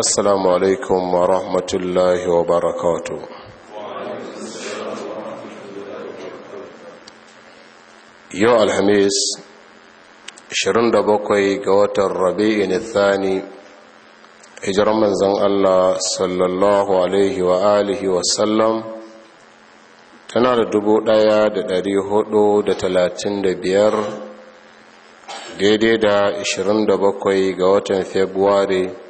assalamu alaikum wa rahmatullahi wa barakatu yau alhamis 27 ga watan na thani hijiran manzan Allah sallallahu alaihi wa alihi wa sallam tana da dubu ɗaya da dari hudu da talatin da biyar daidai da 27 ga watan februari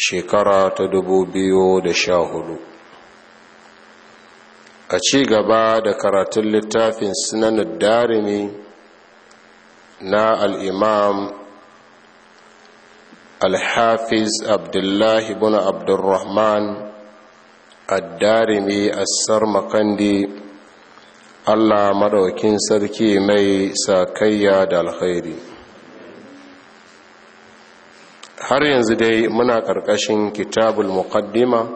shekara ta dubu biyu da sha hudu. a ci gaba da karatun littafin sunan darimi na al'imam alhafiz abdullahi bin abdurrahman addarimi assar makandi allah maɗaukin sarki mai sakayya da alkhairi har yanzu dai muna ƙarƙashin kitabul muqaddima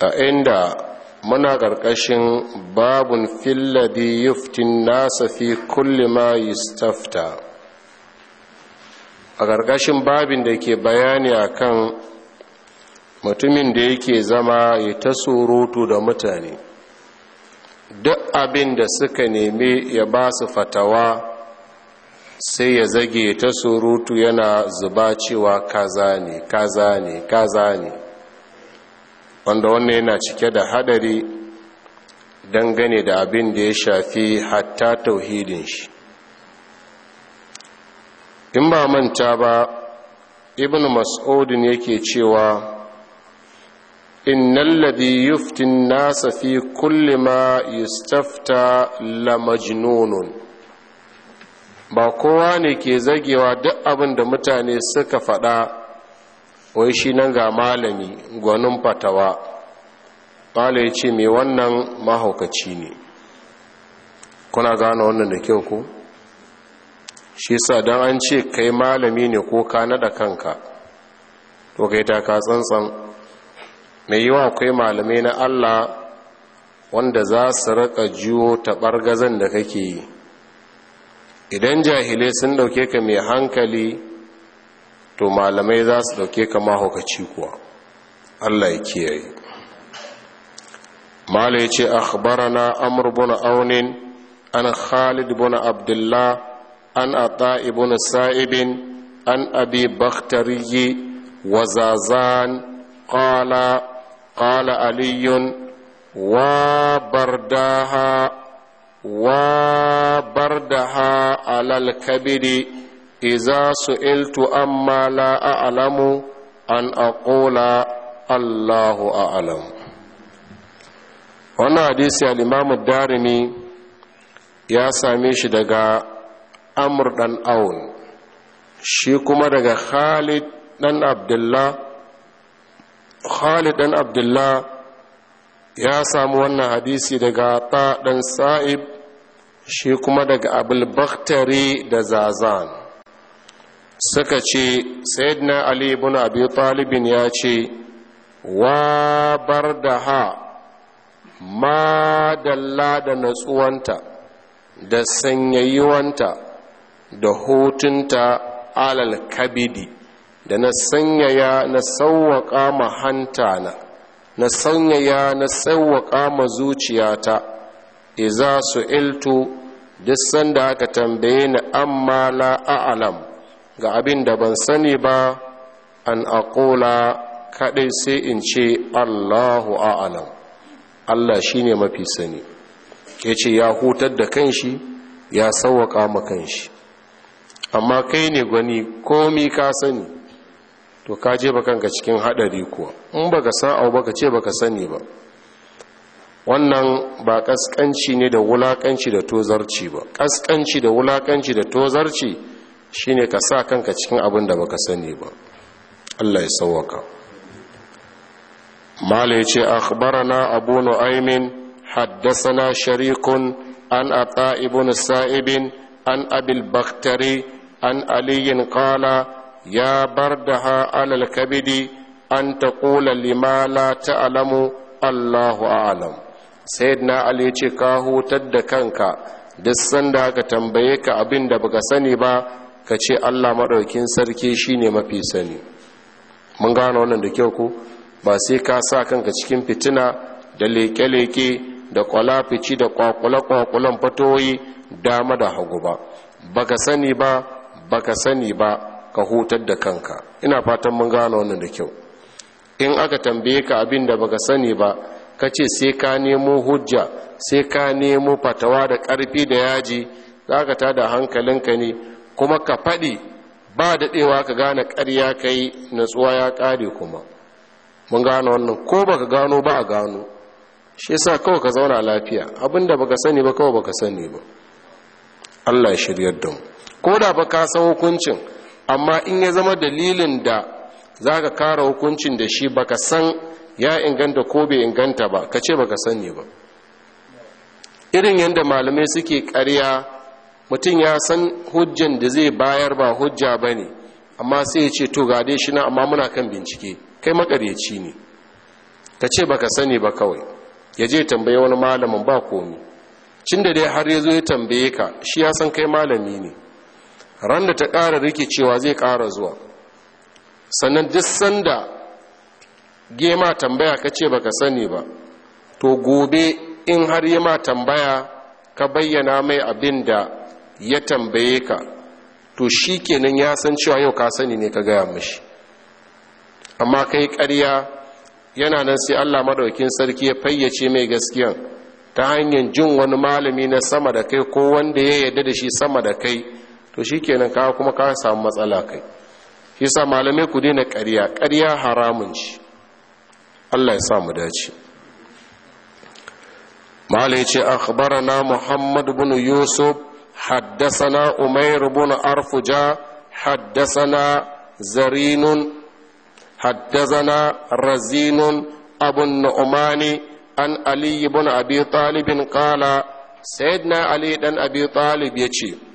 a inda muna ƙarƙashin babun filladi yuftin nasa fi kulli ma yustafta a ƙarƙashin babin da ke bayani akan mutumin da yake zama ya ta surutu da mutane duk abin da suka nemi ya ba su fatawa sai ya zage ta surutu yana zuba cewa kaza ne kaza ne kaza ne wanda wannan yana cike da hadari dangane da abin da ya shafi hatta tauhidin shi in ba manta ba ibn mas'udin yake cewa in ladhi yuftin an-nasa fi kulle ma yustafta la majnunun ba kowa ne ke zagewa duk abin da mutane suka faɗa wai shi nan ga malami gwanin fatawa ƙwale ya ce mai wannan mahaukaci ne kuna gano wannan da kyau ko shi sa don an ce kai malami ne ko ka naɗa kanka to kai ta ka tsantsan mai yiwa akwai malami na allah wanda za su raka jiwo ta gazan da kake yi idan jahilai sun dauke ka mai hankali to malamai za su dauke ka mahaukaci kuwa Allah ya kiyaye mala ya ce akhbarana Amur buna aunin an khalid buna abdullah an ata buna sa'ibin an abi bakhtari wa zazan qala qala aliyun wa bardaha wa bardaha alal kabiri iza su'iltu amma la a'lamu an aqula Allahu a'lam wannan hadisi al-Imam darimi ya same shi daga Amr dan Aun shi kuma daga Khalid dan Abdullah Khalid dan Abdullah ya samu wannan hadisi daga ta ɗan sa'ib shi kuma daga abulbaktari da zazan suka ce sayyidina ali ibn abi talibin ya ce wa bar da ha ma dalla da natsuwanta da sanyayiwanta da hutunta alal kabidi da na sanyaya na sauwaƙa mahanta na na sanyaya na tsawwaka ma zuciyata e za su iltu duk sanda aka tambaye ni amma la alam ga abin da ban sani ba an aƙola kaɗai sai in ce allahu al'am allah shine mafi sani ya ya hutar da kanshi ya sawwaka ma kanshi amma kai ne gwani komi ka sani to ka je kanka cikin haɗari kuwa in baka sa'au baka ce baka sani ba wannan ba ƙasƙanci ne da wulaƙanci da tozarci ba ƙasƙanci da wulaƙanci da tozarci shine ka sa kanka cikin abin da baka sani ba Allah ya sauwaka mala ya ce akhbarana abu nu'aymin haddasana sharikun an ata ibn sa'ibin an abil baktari an aliyin qala ya bar da ha alal kabidi an ta ƙula limala ta alamu allahu alam na ali ce ka hutar da kanka duk sanda ka tambaye ka abin da baka sani ba ka ce allah maɗaukin sarki shine mafi sani mun gano wannan da kyau ko ba sai ka sa kanka cikin fitina da leke-leke da kwalafici da kwakwale-kwakwalen fatoyi dama da hagu ba baka sani ba baka sani ba ka hutar da kanka ina fatan mun gano wannan da kyau in aka tambaye ka abin da baka sani ba ka ce sai ka nemo hujja sai ka nemo fatawa da ƙarfi da yaji za ka tada hankalinka ne kuma ka faɗi ba daɗewa ka gane karya ka yi natsuwa ya kare kuma mun gano wannan ko baka gano ba a gano shi sa kawai ka zauna lafiya abin da baka sani ba kawai baka sani ba Allah ya shiryar da mu ko da ba ka san hukuncin amma in ya zama dalilin da za ka kara hukuncin da shi baka san ya inganta ko bai inganta ba ka ce baka sani ba irin yadda malamai suke karya mutum ya san hujjan da zai bayar ba hujja ba ne amma sai ya ce to gade shi na amma muna kan bincike kai makaryaci ne ka ce baka sani ba kawai ya je tambaye wani malamin ba komi cin da dai har ya zo ya tambaye ka shi ya san kai malami ne ran da ta ƙara rikicewa zai ƙara zuwa sannan duk sanda gema tambaya ka ce baka sani ba to gobe in har yi ma tambaya ka bayyana mai abin da ya tambaye ka to shi kenan ya san cewa yau ka sani ne ka gaya mashi amma kai karya yana nan sai allah maɗaukin sarki ya fayyace mai gaskiya ta hanyar jin wani malami na sama da kai ko wanda ya yarda da shi sama da kai to shi kenan ka kuma ka samu matsala kai shi sa malamai ku daina ƙarya ƙarya haramun ci allah ya sa mu dace malai ce akhbarana muhammad bin yusuf haddasana umair bin arfuja haddasana zarinun haddasana razinun abun nu'mani an ali bin abi talibin kala sayyidina ali dan abi talib ya ce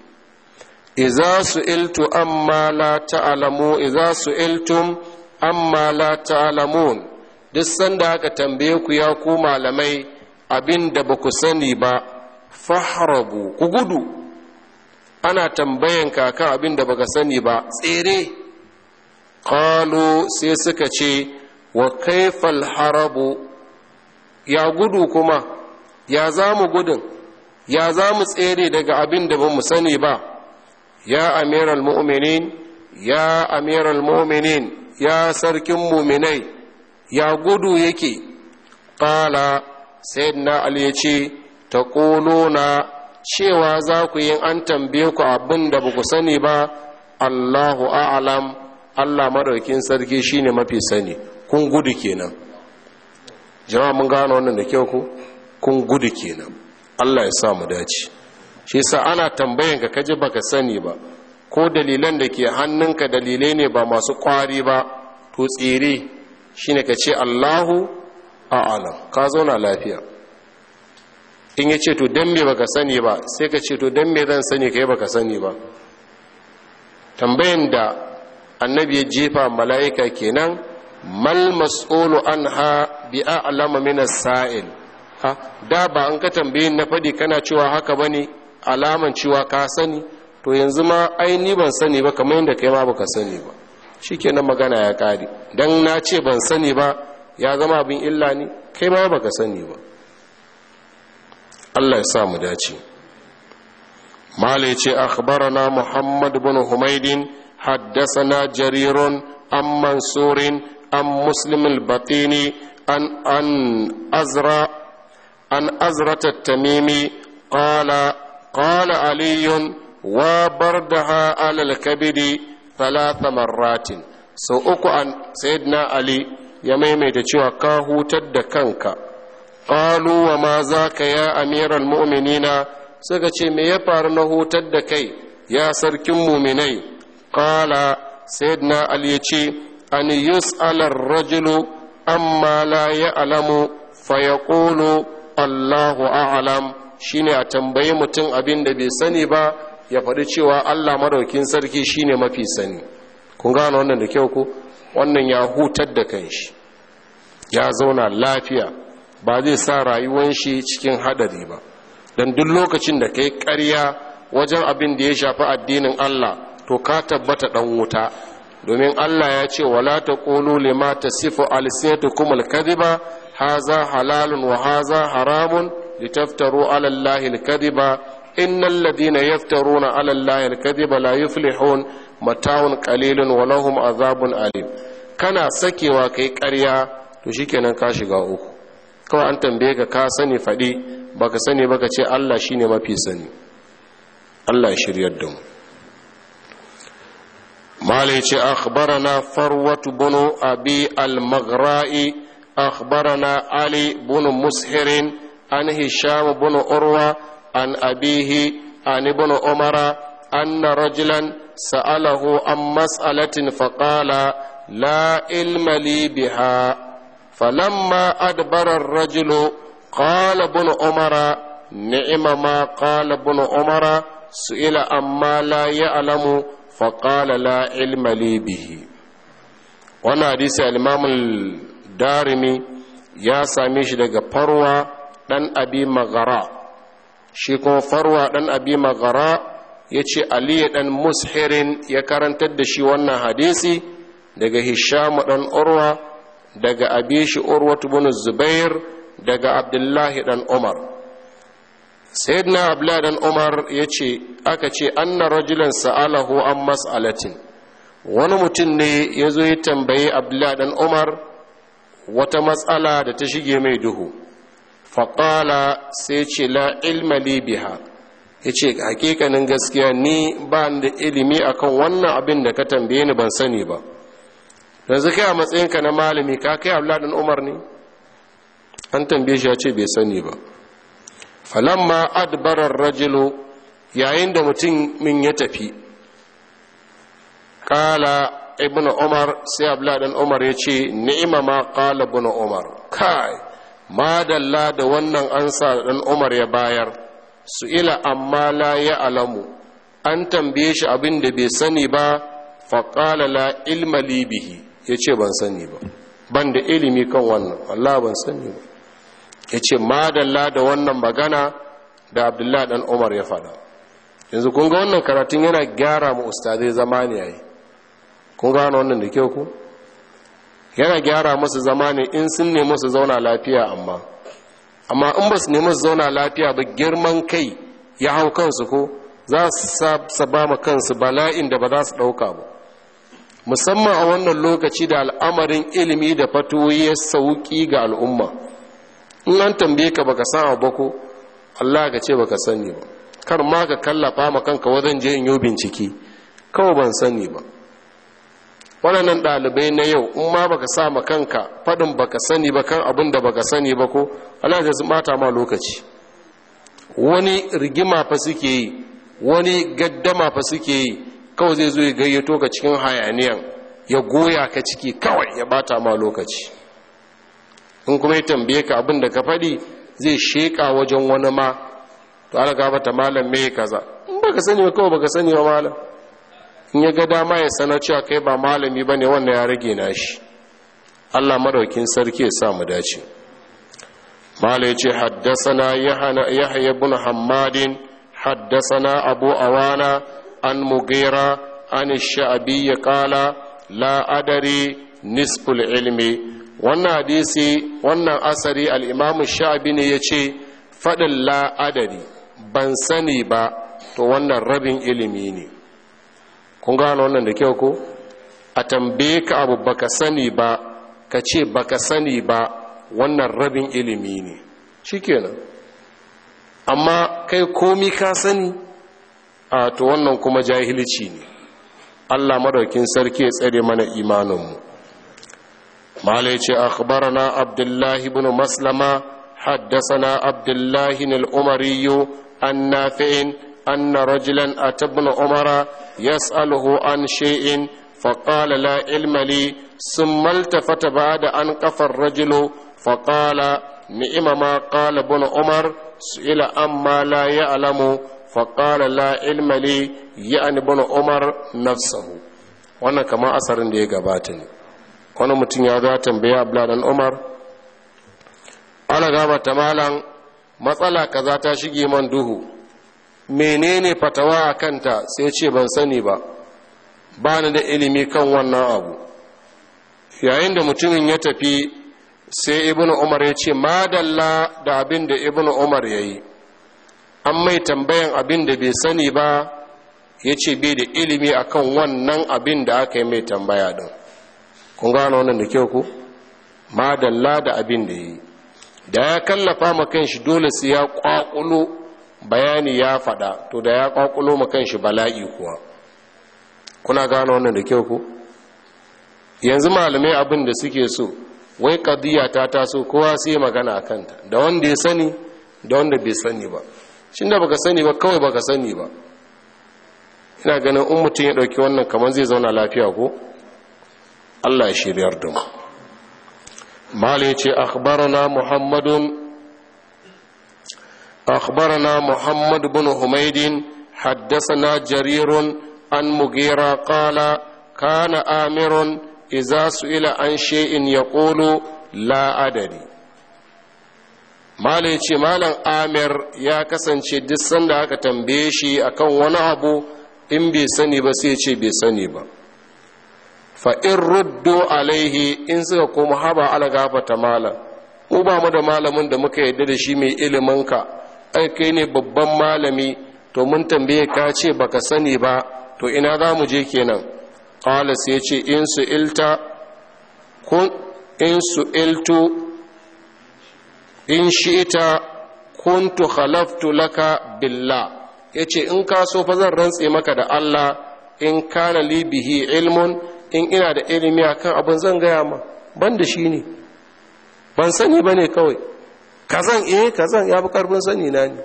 iza su'iltu amma la ta'lamu iza su'iltum amma la ta'lamun duk sanda aka tambaye ku ya ku malamai abin da ba ku sani ba fahrabu ku gudu ana tambayan kakan abin da baka sani ba tsere qalu sai suka ce wa kaifal harabu ya gudu kuma ya za mu gudun ya za mu tsere daga abin da ba mu sani ba ya amiral mu'minin ya amiral mu'minin ya sarkin muminai ya gudu yake ƙala sayyidina ali ya ce ta na cewa za ku yi an tambaye ku abin da ba ku sani ba allahu a'alam allah madaukin sarki shine mafi sani kun gudu kenan jama'a mun gano wannan da kyau ku kun gudu kenan allah ya sa mu dace shi sa ana tambayan ka kaji baka sani ba ko dalilan da ke hannunka dalilai ne ba masu kwari ba to tsere shine ka ce Allahu a'lam ka zauna lafiya in ya ce to dan me baka sani ba sai ka ce to dan me zan sani ka yi baka sani ba tambayan da annabi ya jefa mala'ika kenan mal an ha bi a'lama mina sail ha da ba an ka tambayin na fadi kana cewa haka ba ne. alaman cewa ka sani to yanzu ma aini ban sani ba kamar yadda kai ma baka sani ba shi nan magana ya kare don na ce ban sani ba ya zama abin illa ne kai ma baka sani ba Allah ya sa mu dace malai ce akhbarana muhammad bin humaydin Haddasa na عن منصور عن an البطيني عن an azra عن أزرة qala aliyun wa bardaha alal kabidi thalatha marratin sau uku an sayyidina ali ya maimaita cewa ka hutar da kanka qalu wa ma zaka ya amiral mu'minina suka ce me ya faru na hutar da kai ya sarkin muminai qala sayyidina ali ya ce an yus'ala ar-rajulu amma la alamu faya ƙulu Allahu a'lam Shi ne a tambayi mutum abin da bai sani ba ya faɗi cewa Allah maraukin sarki shi ne mafi sani kun gano wannan da kyau ku? wannan ya hutar da kanshi ya zauna lafiya ba zai sa rayuwar shi cikin haɗari ba dan duk lokacin da ka yi ƙarya wajen abin da ya shafi addinin Allah to ka tabbata ɗan wuta domin Allah ya ce wala taqulu lima tasifu alsinatukum alkadhiba haza halalun wa haza haramun litaftaru ala allahi alkadiba na ladina yaftaruna ala allahi alkadiba la yuflihun mata'un qalilun wa lahum azabun alim kana sakewa kai karya to shikenan ka shiga uku kawai an tambaye ka ka sani faɗi baka sani baka ce Allah shine mafi sani Allah shiryar da mu malai ce akhbarana farwatu bunu abi al-maghra'i akhbarana ali bunu mushirin an hisham ibn urwa an abihi an ibn umara anna rajulan sa'alahu an mas'alatin faqala la ilma li biha falamma adbara ar-rajulu qala umara ni'ma ma qala ibn umara su'ila amma la ya'lamu faqala la ilma li bihi wannan hadisi al Darumi ya same shi daga farwa ɗan abi maghara shi kuma farwa ɗan abi maghara ya ce aliyu ɗan mushirin ya karantar da shi wannan hadisi daga hishamu ɗan urwa daga abishi urwatu bin zubair daga abdullahi ɗan umar sayyidina abdullahi dan umar ya ce aka ce anna rajulan sa'alahu an mas'alatin wani mutum ne ya zo ya tambayi abdullahi dan umar wata matsala da ta shige mai duhu faƙala sai ce la ilma biha ya ce hakikanin gaskiya ni ba da ilimi akan wannan abin da ka tambaye ni ban sani ba yanzu kai a matsayinka na malami ka kai abladin umar ne an tambaye shi ya ce bai sani ba falamma adbarar rajulu yayin da mutum min ya tafi kala ibn umar sai abladin umar ya ce ni'ima ma kala ibn umar kai madalla da wannan ansa da ɗan umar ya bayar su ila amma la ya alamu an tambaye shi abin da bai sani ba faƙala la ilma libihi ya ce ban sani ba ban da ilimi kan wannan Allah ban sani ba ya ce madalla da wannan magana da abdullahi dan umar ya faɗa yanzu kun ga wannan karatun yana gyara ma ustazai zamani yayi kun gane wannan da kyau ku yana gyara musu zama ne in sun nemi su zauna lafiya amma amma in ba su nemi su zauna lafiya ba girman kai ya hau kansu ko za su saba ma kansu bala'in da ba za su ɗauka ba musamman a wannan lokaci da al'amarin ilimi da fatoyi ya sauƙi ga al'umma in an tambaye ka baka san abu ko Allah ka ce baka sani ba kar ma ka kallafa ma kanka wajen je in yi bincike kawai ban sani ba waɗannan ɗalibai na yau in ma baka sa ma kanka faɗin baka sani ba kan abin da baka sani ba ko Allah ya mata ma lokaci wani rigima fa suke yi wani gaddama fa suke yi kawai zai zo ya gayyato ka cikin hayaniyan ya goya ka ciki kawai ya bata ma lokaci in kuma ya tambaye ka abin da ka faɗi zai sheƙa wajen wani ma to ana gaba ta malam me kaza in baka sani ba kawai baka sani ba malam in ya ga dama ya sanar cewa kai ba malami ba ne wannan ya rage na shi allah maraukin sarki ya sa dace malai ce haddasana yahya hamadin hammadin haddasana abu awana an mugera an sha'abi ya kala la'adari nispul nisful ilmi wannan hadisi wannan asari al'imamu sha'abi ne ya ce faɗin la'adari ban sani ba to wannan rabin ilimi ne kun gano wannan da kyau ko a tambaye ka abu baka sani ba ka ce baka sani ba wannan rabin ilimi ne shikenan amma kai komi ka sani a to wannan kuma jahilci ne Allah madaukin sarki ya tsare mana imaninmu malai ce na abdullahi ibn maslama haddasa na abdullahi الأمري an nafi'in أن رجلا أتى ابن عمر يسأله عن شيء فقال لا علم لي ثم التفت بعد أن قف الرجل فقال نئم ما قال ابن عمر سئل أما لا يعلم فقال لا علم لي يعني ابن عمر نفسه وانا كما asarin اندي ya وانا ne wani mutum ya عمر tambaya abladan مالا ana gaba ta من matsala menene fatawa a kanta sai ce ban sani ba ba na da ilimi kan wannan abu yayin da mutumin ya tafi sai Ibn umar ya ce madalla da abin da Ibn umar ya yi an mai tambayan abin da bai sani ba ya ce bai da ilimi a kan wannan abin da aka yi mai tambaya don. kun gano wannan da kyau ku madalla da abin da ya yi da ya kallafa ma kan shi dole sai ya kwakulo bayani ya faɗa to da ya ma makan shi bala'i kuwa kuna gano wannan da kyau ku yanzu malamai abin da suke so wai ƙadiyya ta taso kowa sai magana a kanta da wanda ya sani da wanda bai sani ba shi da baka sani ba kawai baka sani ba ina ganin in mutum ya ɗauki wannan kamar zai zauna lafiya ko allah ya shiryar da mu malai ce akhbarana muhammadun أخبرنا محمد بن حميد حدثنا جرير عن مغيرة قال كان kana Amirun سئل عن شيء يقول la'adari. أدري malam amir ya kasance duk sanda aka tambaye shi akan wani abu in bai sani ba sai ce bai sani ba fa in ruddo alaihi in suka koma haba ala gafata malam mu ba mu da malamin da muka yarda da shi mai iliminka. ai kai ne babban malami to mun tambaye ka ce baka sani ba to ina za mu je kenan qala sai ya ce in su ilta kun in su iltu in shi'ita kuntu khalaftu laka billah yace in ka so fa zan rantse maka da Allah in kana li bihi ilmun in ina da ilimi akan abin zan gaya ma ban da shi ne ban sani bane kawai kazan eh kazan ya fi karfin sani na ne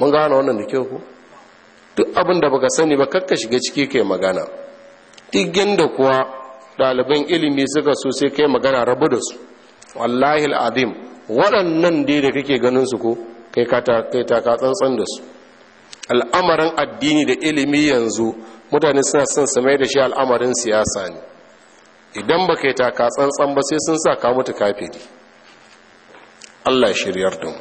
mun gane wannan da kyau ko duk abin da baka sani ba kakka shiga ciki kai magana digin da kuwa ɗaliban ilimi suka so sai kai magana rabu da su wallahi al'adim waɗannan dai da kake ganin su ko kai ta ka tsantsan da su al'amarin addini da ilimi yanzu mutane suna son su da shi al'amarin siyasa ne idan ba kai ta ka tsantsan ba sai sun sa ka mutu kafiri Allah shiryar da mu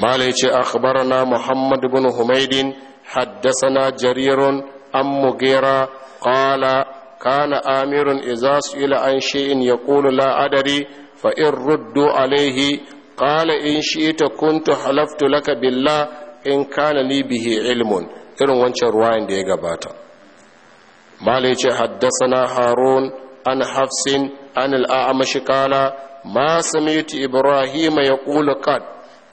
mala yace akhbarana muhammad ibn humaydin Haddasana jarirun an mugera kala kana amirun su ila an in ya kula la'adari fa in ruddu alayhi kala in shi'ta kuntu halaftu laka billah in kana ni bihi ilmun irin wancan ruwayan da ya gabata mala haddasa na harun an hafsin an al kala ma samitu ibrahim ya ƙulu kad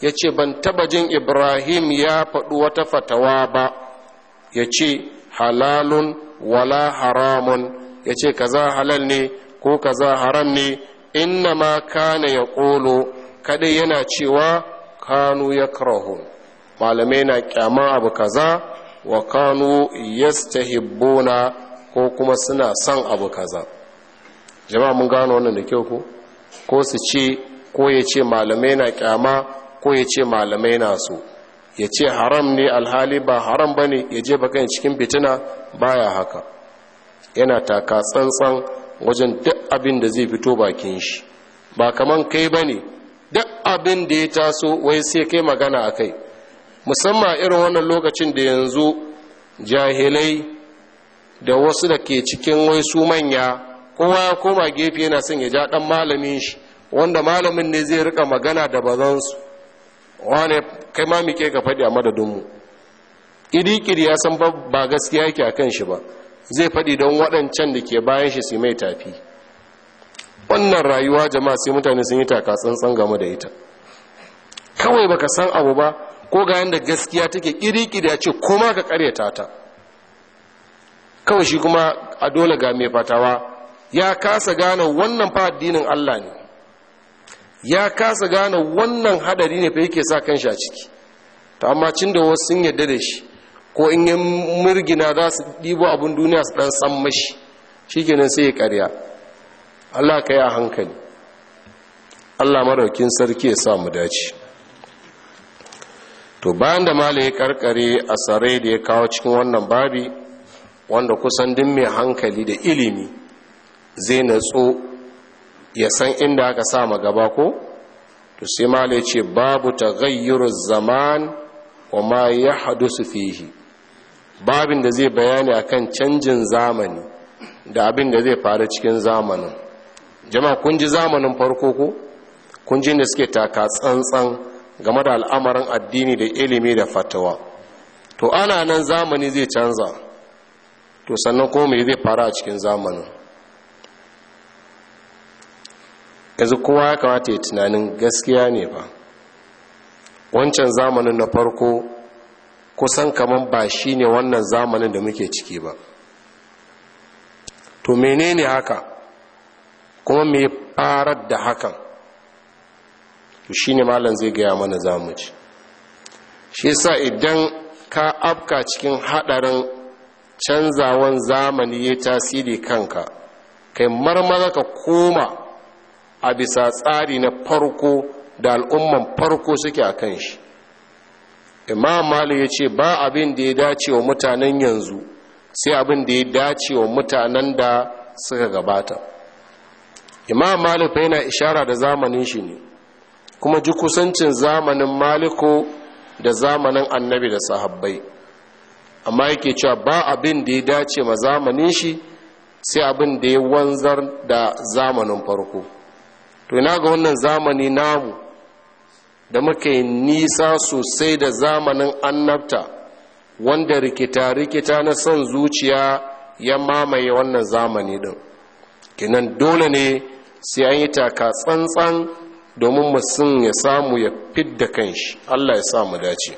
ya ce ban taba jin ibrahim ya faɗi wata fatawa ba ya ce halalun wala haramun ya ce kaza halal ne ko kaza haram ne inna ma kana ya ƙulu kaɗai yana cewa kanu ya malamai na kyama abu kaza wa kanu yastahibbuna ko kuma suna son abu kaza jama'a mun gano wannan da kyau ko ko su ce ko ya ce malamai na kyama ko ya ce malamai na so ya ce haram ne alhali ba haram ba ne ya je baka cikin fitina baya haka yana taka tsantsan wajen duk abin da zai fito bakin shi ba kaman kai ba ne duk abin da ya taso wai sai kai magana a kai musamman irin wannan lokacin da yanzu jahilai da wasu da ke cikin wai su manya kowa ya koma gefe yana son ya ja dan malamin shi wanda malamin ne zai rika magana da bazansu wane kai ma muke ka faɗi a madadinmu ƙiriƙiri ya san ba gaskiya yake a kan shi ba zai faɗi don waɗancan da ke bayan shi su mai tafi wannan rayuwa jama'a sai mutane sun yi taka tsantsan game da ita kawai baka san abu ba ko ga yanda gaskiya take ƙiriƙiri ya ce koma ka ƙaryata ta kawai shi kuma a dole ga mai fatawa ya kasa gane wannan fa addinin Allah ne ya kasa gane wannan hadari ne fa yake sa kanshi a ciki to amma cin da wasu sun yarda da shi ko in ya murgina za su ɗibo abin duniya su ɗan san mashi kenan sai ya karya Allah ka yi a hankali Allah maraukin sarki ya sa mu dace to bayan da mala ya karkare a sarai da ya kawo cikin wannan babi wanda kusan din mai hankali da ilimi zai natsu ya san inda aka sa gaba ko to sai malai ce babu ta gayyuru zaman wa ma su fihi babin da zai bayani akan canjin zamani da abin da zai faru cikin zamanin jama'a kun ji zamanin farko ko kun ji da suke taka tsantsan game da al'amarin addini da ilimi da fatawa to ana nan zamani zai canza to sannan ko zai faru a cikin zamanin yanzu kowa ya kamata ya tunanin gaskiya ne ba wancan zamanin na farko kusan kamar ba shi ne wannan zamanin da muke ciki ba to menene haka kuma me farar da hakan to shi ne malam zai gaya mana zamuci shi sa idan ka afka cikin hadarin canzawan zamani ya tasiri kanka kai marmara ka koma a bisa tsari na farko da al'umman farko suke a kan shi imam mali ya ce ba abin da ya dace wa mutanen yanzu sai abin da ya dace wa mutanen da suka gabata imam fa yana ishara da zamanin shi ne kuma ji kusancin zamanin maliko da zamanin annabi da sahabbai amma yake cewa ba abin da ya dace ma zamanin shi sai abin da ya wanzar da zamanin farko to ina ga wannan zamani namu da muka yi nisa sosai da zamanin annabta wanda rikita-rikita na son zuciya ya mamaye wannan zamani din kinan dole ne sai an yi taka tsantsan domin mutum ya samu ya fidda kan shi allah ya samu dace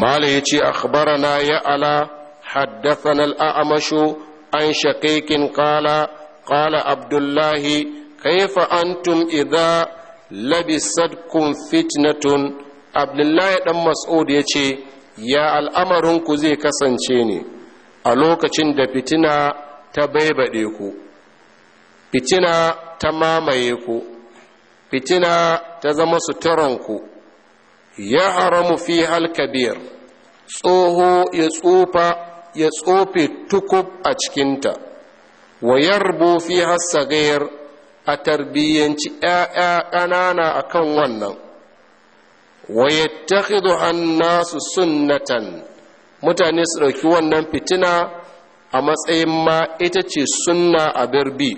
mala ya ce akhbarana ya ala haddathan al'amashu an shaƙiƙin ƙala ƙala abdullahi kaifa antum idza labisatkum fitnatun abdullahi dan mas'ud ya ce ya al'amarinku zai kasance ne a lokacin da fitina ta baɗe ku fitina ta mamaye ku fitina ta zama suturanku ya haramu fi kabir tsoho ya tsufa ya tsofe tukub a cikinta wa yarbo fi a tarbiyyanci ‘ya'ya ƙanana a kan wannan wa yattakhidhu annasu sunnatan mutane su ɗauki wannan fitina a matsayin ma ita ce sunna a birbi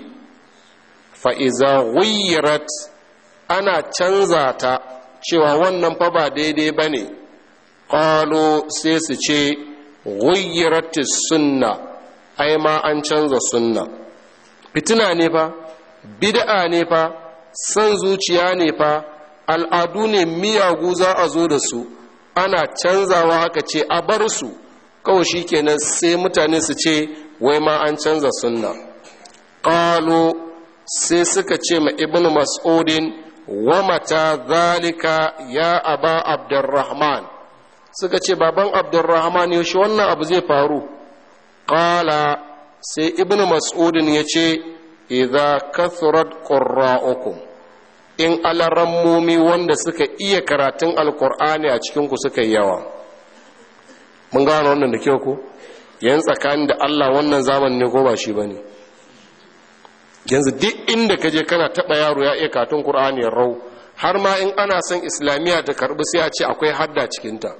fa'iza wuyirat ana canza ta cewa wannan fa ba daidai ba ne ƙalo sai su ce wuyirat sunna ai ma an canza sunna fitina ne ba bid'a ne fa san zuciya ne fa al'adu ne miyagu za a zo da su ana canzawa haka ce a bar su kawai shi kenan sai mutane su ce wai ma an canza sunna ƙalo sai suka ce ma ibn mas'udin wa mata zalika ya aba abdurrahman suka ce baban abdurrahman yaushe wannan abu zai faru ƙala sai ibn mas'udin ya ce idza kasurat qurra'ukum in alarammumi wanda suka iya karatun alkur'ani a cikin ku suka yi yawa mun gano wannan da kyau ko yan tsakanin da Allah wannan zaman ne ko ba shi bane yanzu duk inda ka je kana taba yaro ya iya karatun qur'ani rau har ma in ana son islamiyya ta karbi sai a ce akwai hadda cikin ta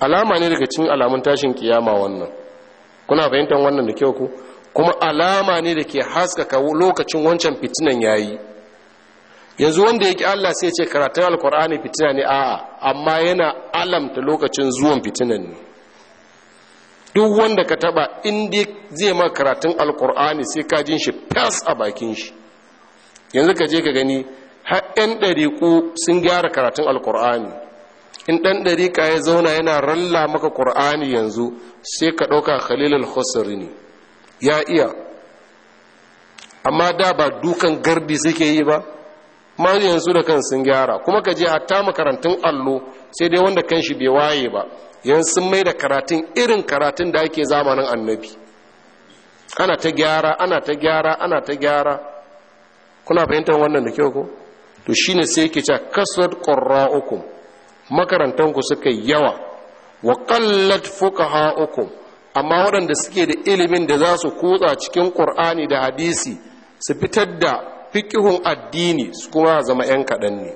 alama ne daga cikin alamun tashin kiyama wannan kuna fahimtar wannan da kyau ko kuma alama ne da ke haskaka lokacin wancan fitinan yayi yanzu wanda yake Allah sai ce karatun alkur'ani fitina ne a'a amma yana alamta lokacin zuwan fitinan ne duk wanda ka taba inda zai ma karatun alkur'ani sai ka jin shi fas a bakin shi yanzu ka je ka gani har 'yan ɗariku sun gyara karatun alkur'ani in ɗan ɗariƙa ya zauna yana ralla maka ƙur'ani yanzu sai ka ɗauka khalilul husri ne ya iya amma da ba dukan garbi suke yi ba ma yanzu da kan sun gyara kuma ka je hatta makarantun allo sai dai wanda kan shi bai waye ba yanzu sun mai da karatun irin karatun da ake zamanin annabi ana ta gyara ana ta gyara ana ta gyara kuna fahimtar wannan da kyau ko to shine sai yake cewa kasar qurra'ukum makarantanku suka yawa wa qallat uku. amma waɗanda suke da ilimin da za su kutsa cikin ƙur'ani da hadisi su fitar da fikihun addini su kuma zama 'yan kaɗan ne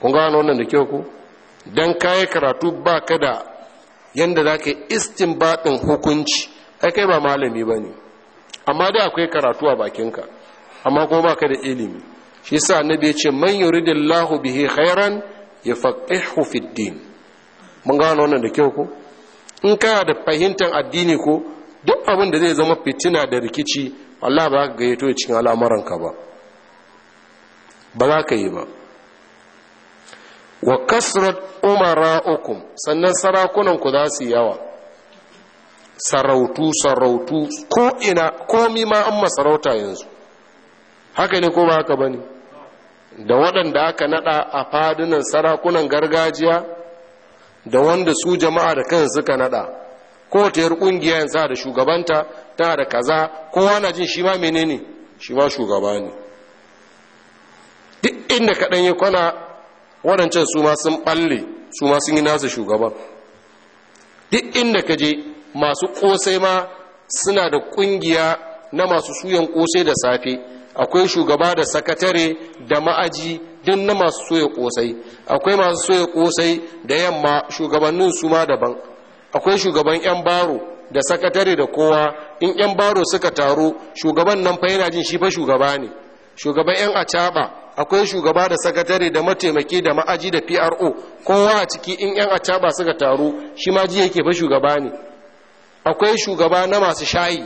kun gano wannan da kyau ku don kayi karatu ba ka da yadda za ka yi istin baɗin hukunci ai kai ba malami ba ne amma da akwai karatu a bakinka amma kuma ba ka da ilimi shi sa annabi ya ce man yuridillahu bihi khairan ya faɗi hufiddin mun gano wannan da kyau ku in kana da fahimtar addini ko duk abin da zai zama fitina da rikici Allah ba ka gayyato cikin al'amuranka ba ba za ka yi ba wa kasrat umara'ukum sannan sarakunan ku za su yawa sarautu sarautu ko ina komi ma an masarauta yanzu haka ne ko ba haka bane da waɗanda aka nada a fadunan sarakunan gargajiya da wanda su jama'a da kansu suka nada ko ta yar kungiya yansa da shugabanta ta da kaza kowa na jin shi ma menene shi ma shugaba ne duk inda kaɗan ya kwana waɗancan su ma sun ɓalle su ma sun yi nasa shugaba duk inda ka je masu ƙosai ma suna da ƙungiya na masu suyan ƙosai da safe akwai shugaba da sakatare da ma'aji duk na masu soya kosai akwai masu soya kosai da yamma shugabannin su ma daban akwai shugaban yan baro da sakatare da kowa in yan baro suka taru shugaban nan fa yana jin shi fa shugaba ne shugaban yan acaba akwai shugaba da sakatare da mataimaki da ma'aji da pro kowa a ciki in yan acaba suka taru shi ma ji yake fa shugaba ne akwai shugaba na masu shayi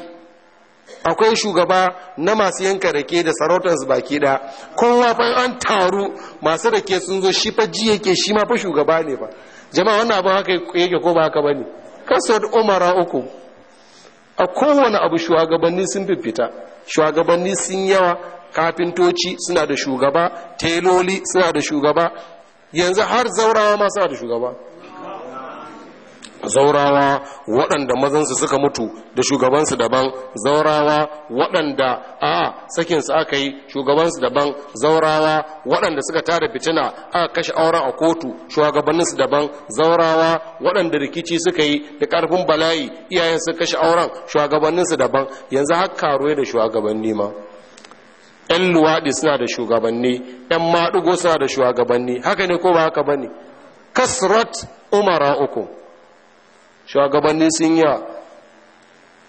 akwai shugaba na masu yanka rake da sarautar su baki ɗaya kowa fa an taru masu rake sun zo shi fa ji yake shi ma fa shugaba ne ba jama'a wannan abin haka yake ko ba haka ba ne kasar umara uku a kowane abu shugabanni sun fifita shugabanni sun yawa kafintoci suna da shugaba teloli suna da shugaba yanzu har zaurawa ma suna da shugaba zaurawa waɗanda mazansu suka mutu da shugabansu daban zaurawa waɗanda a sakinsu aka yi shugabansu daban zaurawa waɗanda suka tara fitina aka kashe auren a kotu shugabanninsu daban zaurawa waɗanda rikici suka yi da ƙarfin bala'i iyayen su kashe auren shugabanninsu daban yanzu har karuwa da shugabanni ma 'yan luwaɗi suna da shugabanni 'yan maɗugo suna da shugabanni haka ne ko ba haka ba ne kasrat umara uku shugabannin sun yawa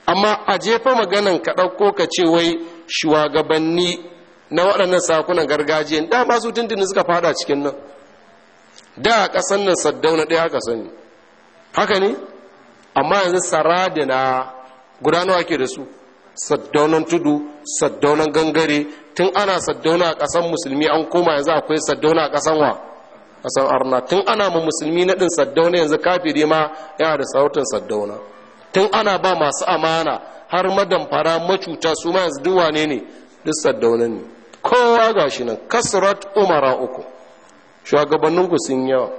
amma a jefa maganan ka ɗauko ka ce wai shugabanni na waɗannan sakunan gargajiya da masu tuntuni suka fada cikin nan da a ƙasan nan Saddau na ɗaya aka sani haka ne amma yanzu saradina gudanawa ke da su saddaunan tudu saddaunan gangare tun ana saddauna a ƙasan musulmi an koma yanzu akwai saddauna a ƙasan wa kasan arna tun ana mu musulmi na ɗin saddauna yanzu kafiri ma yana da sautin saddauna tun ana ba masu amana har madamfara macuta su ma yanzu duwa ne ne duk saddauna ne kowa ga shi nan kasrat umara uku shugabannin ku sun yawa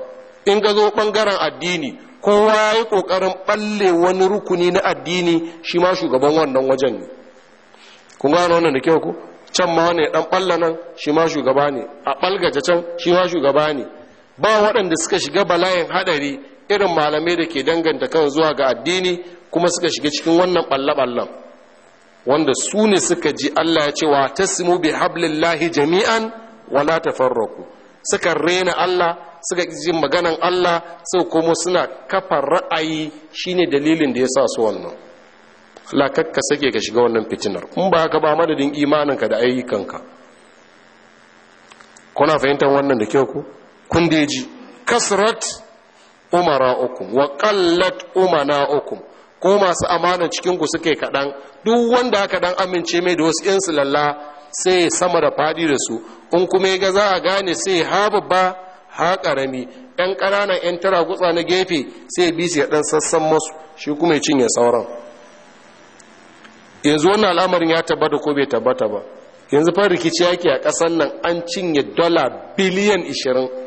in ga zo bangaren addini kowa ya yi kokarin balle wani rukuni na addini shi ma shugaban wannan wajen ne kun gano wannan da kyau ku can ma wani dan balla nan shi ma shugaba ne a balgace can shi ma shugaba ne ba waɗanda suka shiga bala'in haɗari irin malamai da ke danganta kan zuwa ga addini kuma suka shiga cikin wannan ɓallaɓallan wanda su ne suka ji allah ya ce wa ta simu bi hablillahi jami'an wala tafarraku suka rena allah suka ji maganan allah sau kuma suna kafar ra'ayi shine dalilin da ya sa su wannan lakakka sake ka shiga wannan fitinar in ba ka ba madadin imaninka da ayyukanka kuna fahimtar wannan da kyau ku kun da ji kasrat umara uku wa qallat umana ukum ko masu amana cikin ku suke kaɗan duk wanda aka dan amince mai da wasu yan silalla sai sama da fadi da su in kuma ya ga za a gane sai ha babba ha karami yan ƙananan yan tara gutsa na gefe sai bi su ya dan sassan masu shi kuma ya cinye sauran yanzu wannan al'amarin ya tabbata ko bai tabbata ba yanzu fa rikici yake a ƙasan nan an cinye dala biliyan 20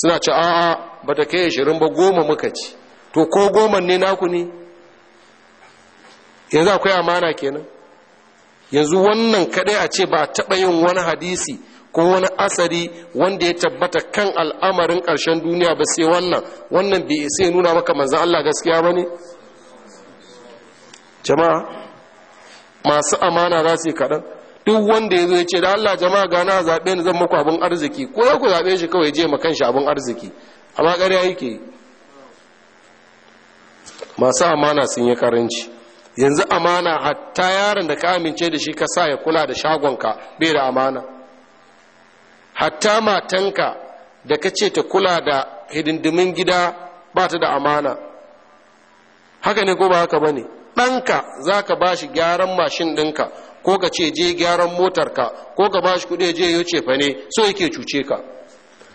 suna ce a'a ba ta kai shirin ba goma muka ci to ko goma ne naku ne yanzu akwai amana kenan yanzu wannan kadai a ce ba taɓa yin wani hadisi ko wani asari wanda ya tabbata kan al'amarin ƙarshen duniya ba sai wannan wannan bai sai nuna maka manzan Allah gaskiya ba ne jama'a masu amana za su yi kaɗan duk wanda ya zo ce da Allah jama'a gana zaɓe ni zan muku abin arziki ko ya ku zaɓe shi kawai je ma kanshi abin arziki amma ƙarya yake masu amana sun yi karanci yanzu amana hatta yaron da ka amince da shi ka sa ya kula da shagonka bai da amana hatta matanka da ka ce ta kula da hidindimin gida ba ta da amana haka ne ko ba haka ba ne ɗanka za ka ba shi gyaran mashin ɗinka ko ka ce je gyaran motarka ko ka ba shi kuɗi je yi ce fa ne so yake cuce ka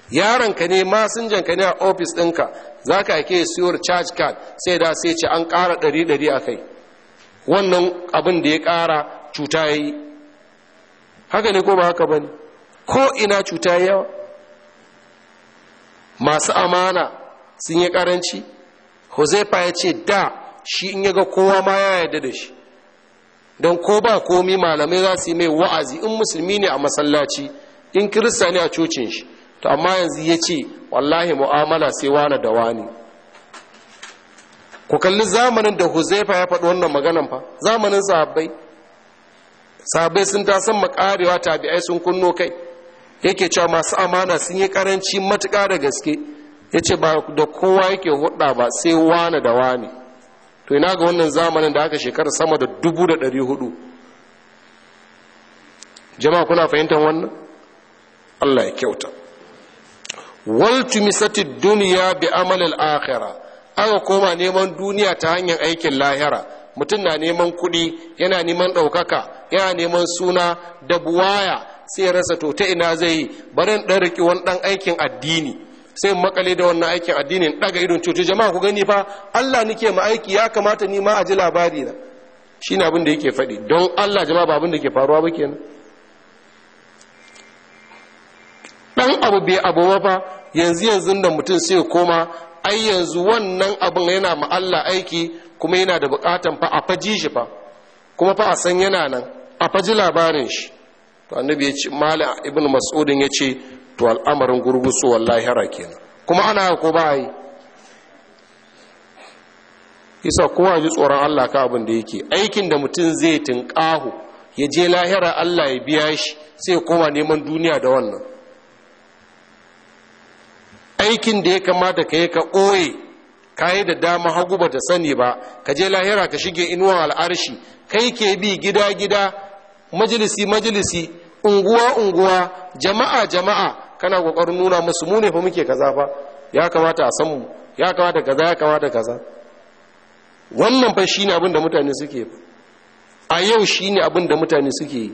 yaron ka ne masinjanka ne a ofis ɗinka za ka ake siyar charge card sai da sai ce an ƙara ɗari ɗari a kai wannan abin da ya ƙara cuta ya yi haka ne ko ba haka ba ne ko ina cuta ya yawa masu amana sun yi ƙaranci huzaifa ya ce da shi in yaga kowa ma ya yarda da shi don ko ba komi malamai za su yi mai wa'azi in musulmi ne a masallaci in kirista ne a cocin shi to amma yanzu ya ce wallahi mu'amala sai wani da wani ku kalli zamanin da huzaifa ya faɗi wannan maganan fa zamanin sahabbai sahabbai sun ta san makarewa tabi'ai sun kunno kai yake cewa masu amana sun yi karanci matuƙa da gaske ya ce ba da kowa yake hudda ba sai wani da wani to ina ga wannan zamanin da aka shekara sama da dubu da ɗari hudu jama'a kuna fahimtar wannan allah ya kyauta waltu misati duniya bi amalin akhira aka koma neman duniya ta hanyar aikin lahira mutum na neman kuɗi yana neman ɗaukaka yana neman suna da buwaya sai rasa to ta ina zai yi barin ɗan riƙi wani ɗan aikin addini sai makale da wannan aikin addinin daga idon cutu jama'a ku gani fa Allah nike ma aiki ya kamata ni ma a ji labari na shine abin da yake faɗi don Allah jama'a ba abin da ke faruwa ba kenan dan abu bai abu ba yanzu yanzu da mutum sai koma ai yanzu wannan abin yana ma Allah aiki kuma yana da bukatan fa a faji shi fa kuma fa a san yana nan a faji labarin shi to annabi ya ce mala ibnu mas'udin ya ce to al'amarin su gurgusuwar lahira kenan kuma ana ko ba yi isa kowa ji tsoron allah ka abin da yake aikin da mutum zai tinƙahu ya je lahira allah ya biya shi sai kowa neman duniya da wannan aikin da ya kamata ka yi ka ɓoye kayi da dama hagu ba ta sani ba ka je lahira ka shige inuwar al'arshi kai ke bi gida gida majalisi majalisi unguwa unguwa jama'a jama'a kana kokarin nuna musu mu ne fa muke kaza fa ya kamata a san mu ya kamata kaza ya kamata kaza wannan fa shine abin da mutane suke a yau shine abin da mutane suke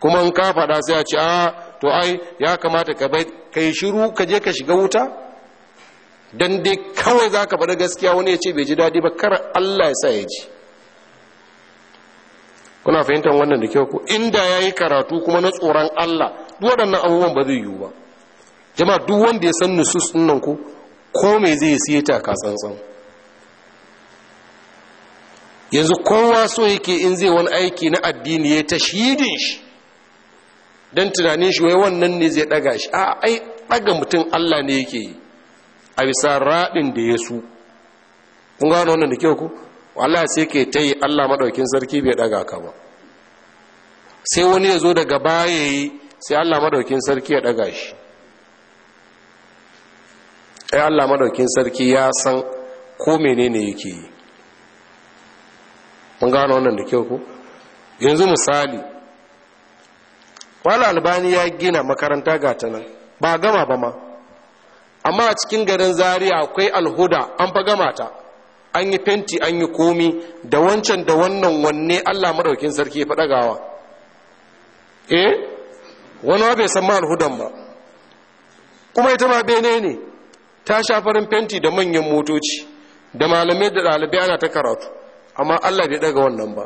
kuma in ka faɗa sai a ce a to ai ya kamata ka bai kai shiru ka je ka shiga wuta dan dai kawai zaka ka faɗi gaskiya wani ya ce bai ji daɗi ba kar Allah ya sa ya ji kuna fahimtar wannan da kyau ko inda ya yi karatu kuma na tsoron Allah duk waɗannan abubuwan ba zai yiwu ba jama'a duk wanda ya san nusus din nan ko ko me zai siye ta ka yanzu kowa so yake in zai wani aiki na addini ya ta shidin shi don tunanin shi wai wannan ne zai daga shi a ai daga mutum Allah ne yake yi a bisa raɗin da ya su kun gano wannan da kyau ku Allah sai ke ta yi Allah maɗaukin sarki bai ɗaga ka ba sai wani ya zo daga baya yi sai Allah maɗaukin sarki ya ɗaga shi ai Allah madaukin sarki ya san ko menene yake yi mun gano wannan da kyau ko yanzu misali wani albani ya gina makaranta ga ta nan ba gama ba ma amma a cikin garin zaria akwai alhuda an fa gama ta an yi fenti an yi komi da wancan da wannan wanne allah madaukin sarki ya faɗagawa eh wani bai san ma alhudan ba kuma ita ma bene ne ta sha farin fenti da manyan motoci da malamai da ɗalibai ana ta karatu amma allah bai ɗaga wannan ba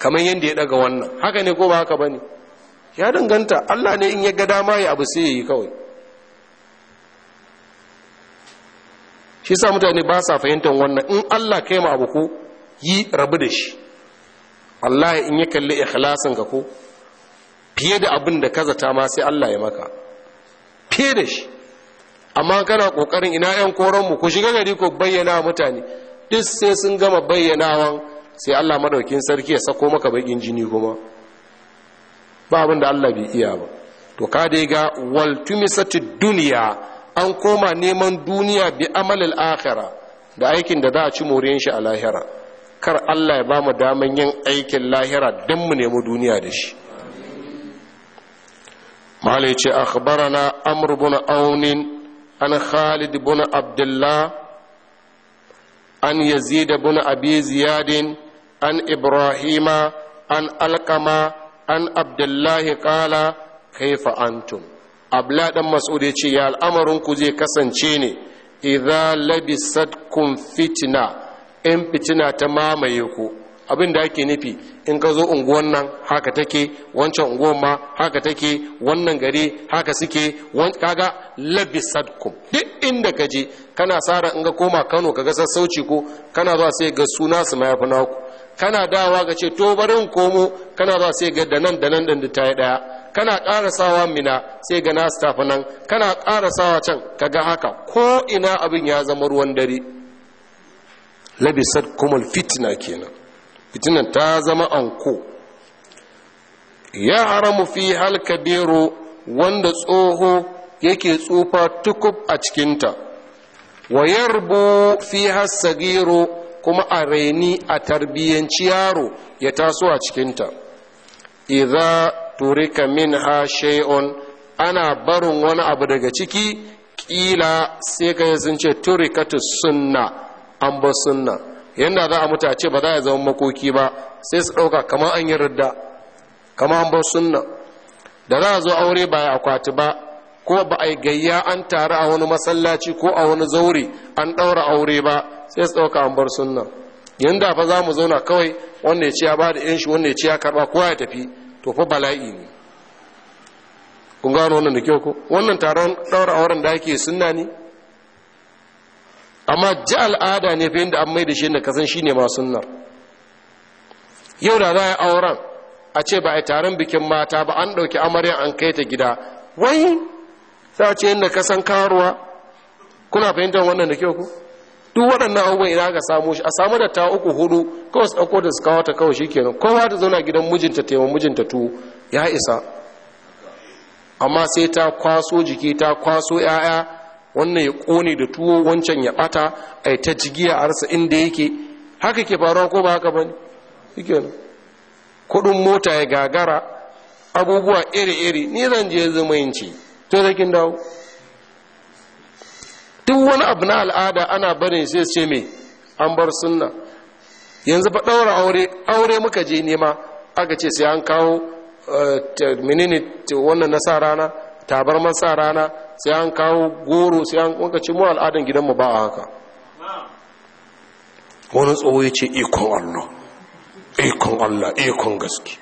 kamar yadda ya ɗaga wannan haka ne ko ba haka ba ne ya danganta allah ne in ya ga dama ya abu sai ya yi kawai shi sa mutane ba sa fahimtar wannan in allah kai ma abu ko yi rabu da shi allah in ya kalli ikhlasin ka ko fiye da abin da ka zata ma sai allah ya maka fiye da shi amma kana kokarin ina yan koran mu ku shiga gari ku bayyana mutane duk sai sun gama bayyanawan sai Allah madaukin sarki ya sako maka bakin jini kuma ba abin da Allah bai iya ba to ka dai ga wal tumisatid dunya an koma neman duniya bi al akhirah da aikin da za a ci moriyan shi a lahira kar Allah ya ba mu daman yin aikin lahira don mu nemi duniya da shi malai ce akhbarana amr bin aunin an khalid bin abdullah an yazid bin abi ziyadin an ibrahima an alkama an abdullahi kala kaifa antum abla dan mas'ud ya ce ya al'amarin zai kasance ne idza kun fitina, yan fitina ta mamaye ku abin da ake nufi in ka zo unguwan nan haka take wancan unguwan ma haka take wannan gari haka suke kaga duk inda ka je kana tsara in ga koma kano ka kaga sassauci ko kana zuwa sai ga suna su ma fi naku kana dawa ga ce to barin komo kana zuwa sai ga danan danan din ta yi daya kana karasawa mina sai ga nasu tafi nan kana karasawa can kaga haka ko ina abin ya zama ruwan dare labisat kumul fitna kenan fitinan ta zama anko ya haramu fi halkabiru wanda tsoho yake tsufa tukub a cikinta wa yarbu fi hassagiro kuma a raini a tarbiyyanci yaro ya taso a cikinta idza turika minha shay'un ana barin wani abu daga ciki kila sai ka yanzu ce turikatu sunna an ba sunna yanda za a mutu a ce ba za a zama makoki ba sai su ɗauka kamar an yi ridda kamar an bar sunna da za a zo aure ba ya akwati ba ko ba a yi gayya an taru a wani masallaci ko a wani zaure an ɗaura aure ba sai su ɗauka an bar sunna yanda fa za mu zauna kawai wanda ya ce ya ba da yan shi wanda ya ce ya karɓa kowa ya tafi to fa bala'i ne kun gano wannan da kyau ko wannan taron ɗaura auren da ake sunna ne amma ji al'ada ne fiye da an mai da shi da kasan shi ne ma nan, yau da za a yi auren a ce ba a yi taron bikin mata ba an ɗauki amarya an kai ta gida wai za a ce yadda kasan karuwa kuna fahimtar wannan da kyau ku duk waɗannan abubuwan ina aka samu shi a samu da ta uku hudu kawai su ɗauko da su kawo ta kawai kenan kowa ta zauna gidan mijinta tema mijinta tu ya isa amma sai ta kwaso jiki ta kwaso 'ya'ya wannan ya kone da tuwo wancan ya bata ai ta jigiya a rasa inda yake haka ke faruwa ko ba haka bane shikenan kudin mota ya gagara abubuwa iri-iri ni zan je zumunci to da kin dawo duk wani abu na al'ada ana barin sai ce mai. an bar sunna yanzu fa ɗaura aure aure muka je nema aka ce sai an kawo eh, menene wannan na sa rana tabar masa rana sai an kawo goro sai an kwanka ce mu al'adan gidanmu ba a haka wani tsoho ya ce ikon allah ikon allah ikon gaske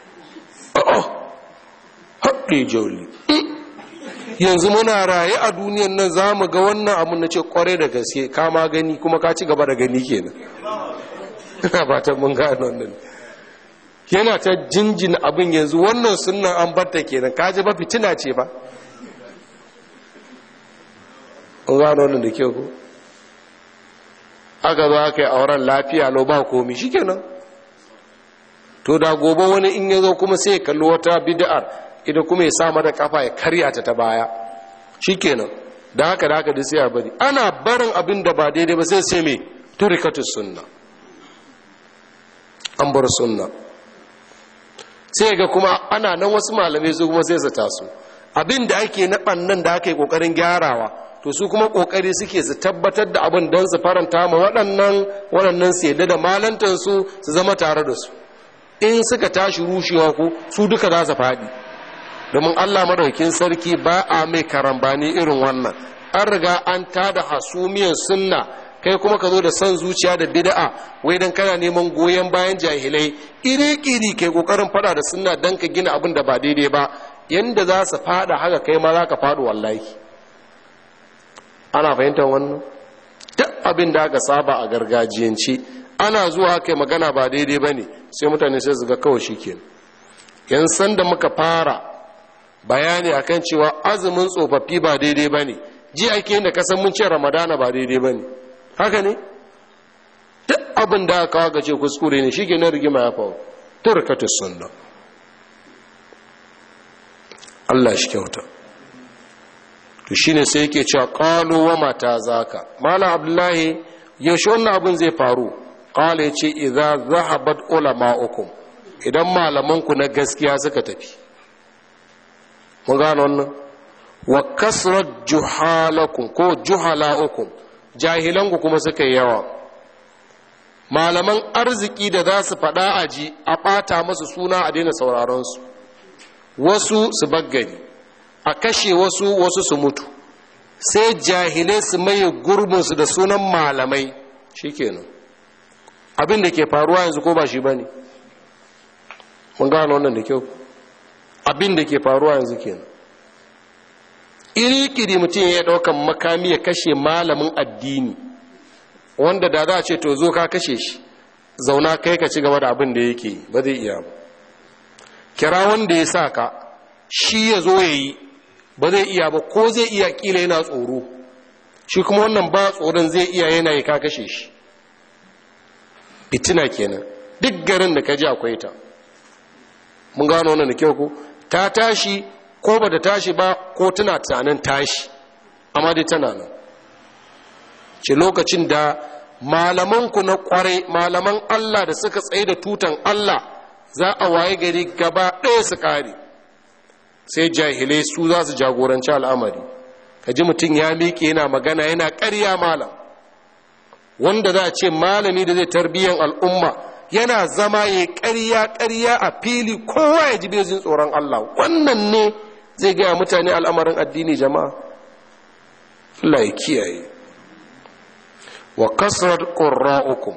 haɗe jauli eh, yanzu muna raye a duniyan nan za mu ga wannan abin na ce kwarai da gaske kama gani kuma ka ci gaba da gani kenan ba ta mun gano yana ta jinjin abin yanzu wannan sunan an batta kenan kaji ba fitina ce ba an wannan da ke ko aka zo aka yi auren lafiya lau ba komi shikenan to da gobe wani in ya zo kuma sai ya kalli wata bid'ar idan kuma ya sa mata kafa ya karya ta ta baya shikenan da haka da haka da sai a bari ana barin abin da ba daidai ba sai sai mai turikatu sunna an bar sunna sai ga kuma ana nan wasu malamai su kuma sai su taso abin da ake na bannan da ake yi kokarin gyarawa to su kuma kokari suke su tabbatar da abin don su faranta ma waɗannan waɗannan su yadda da malantansu su zama tare da su in suka tashi rushewa ku su duka za su faɗi domin allah madaukin sarki ba a mai karambani irin wannan an riga an tada hasumiyar sunna kai kuma ka zo da son zuciya da bida'a. wai dan kana neman goyon bayan jahilai iri-iri kai kokarin fada da sunna dan ka gina abin da ba daidai ba yanda za su fada haka kai ma za ka faɗi wallahi ana fahimtar wannan duk abin da aka saba a gargajiyanci ana zuwa kai magana ba daidai ba ne sai mutane sai zuga kawai shi ke yan da muka fara bayani akan cewa azumin tsofaffi ba daidai ba ne ji ake yin da kasan mun ce ramadana ba daidai ba ne haka ne duk abin da aka kawo ce kuskure ne shi na rigima ya fawo turkatu sunna Allah shi kyauta to shine sai yake cewa qalu wa mata zaka malam abdullahi yaushe wannan abin zai faru qala yace idza zahabat ulama'ukum idan ku na gaskiya suka tafi mun gano wannan wa kasrat juhalakum ko juhalaukum jahilanku kuma suka yi yawa malaman arziki da za su faɗa aji a ɓata masu suna a daina sauraron su wasu su baggani a kashe wasu wasu su mutu sai jahilai su maye gurbinsu da sunan malamai shikenan abin da ke faruwa yanzu ko ba shi ba ne mun gano wannan da kyau abin da ke faruwa yanzu kenan iri-kiri mutum ya ɗaukan makami ya kashe malamin addini wanda da za a ce to zo ka kashe shi zauna kai ka ci gaba da abin da yake ba zai iya ba kira wanda ya sa ka shi ya zo ya yi ba zai iya ba ko zai iya kila yana tsoro shi kuma wannan ba tsoron zai iya yana ya kakashe shi fitina kenan duk garin da ka ji akwai ta mun gano wannan da kyau ko ta tashi ko ba da tashi ba ko tana tunanin tashi amma dai tana nan ce lokacin da malamanku na kwarai malaman Allah da suka tsaye da tutan Allah za a waye gari gaba ɗaya su kare sai jahilai su za su jagoranci al'amari ka ji mutum ya miƙe yana magana yana ƙarya malam wanda za a ce malami da zai tarbiyyar al'umma yana zama ya ƙarya ƙarya a fili kowa ya ji bezin tsoron Allah wannan ne zai gaya mutane al'amarin addini jama'a Allah kiyaye wa kasar ƙurra'ukum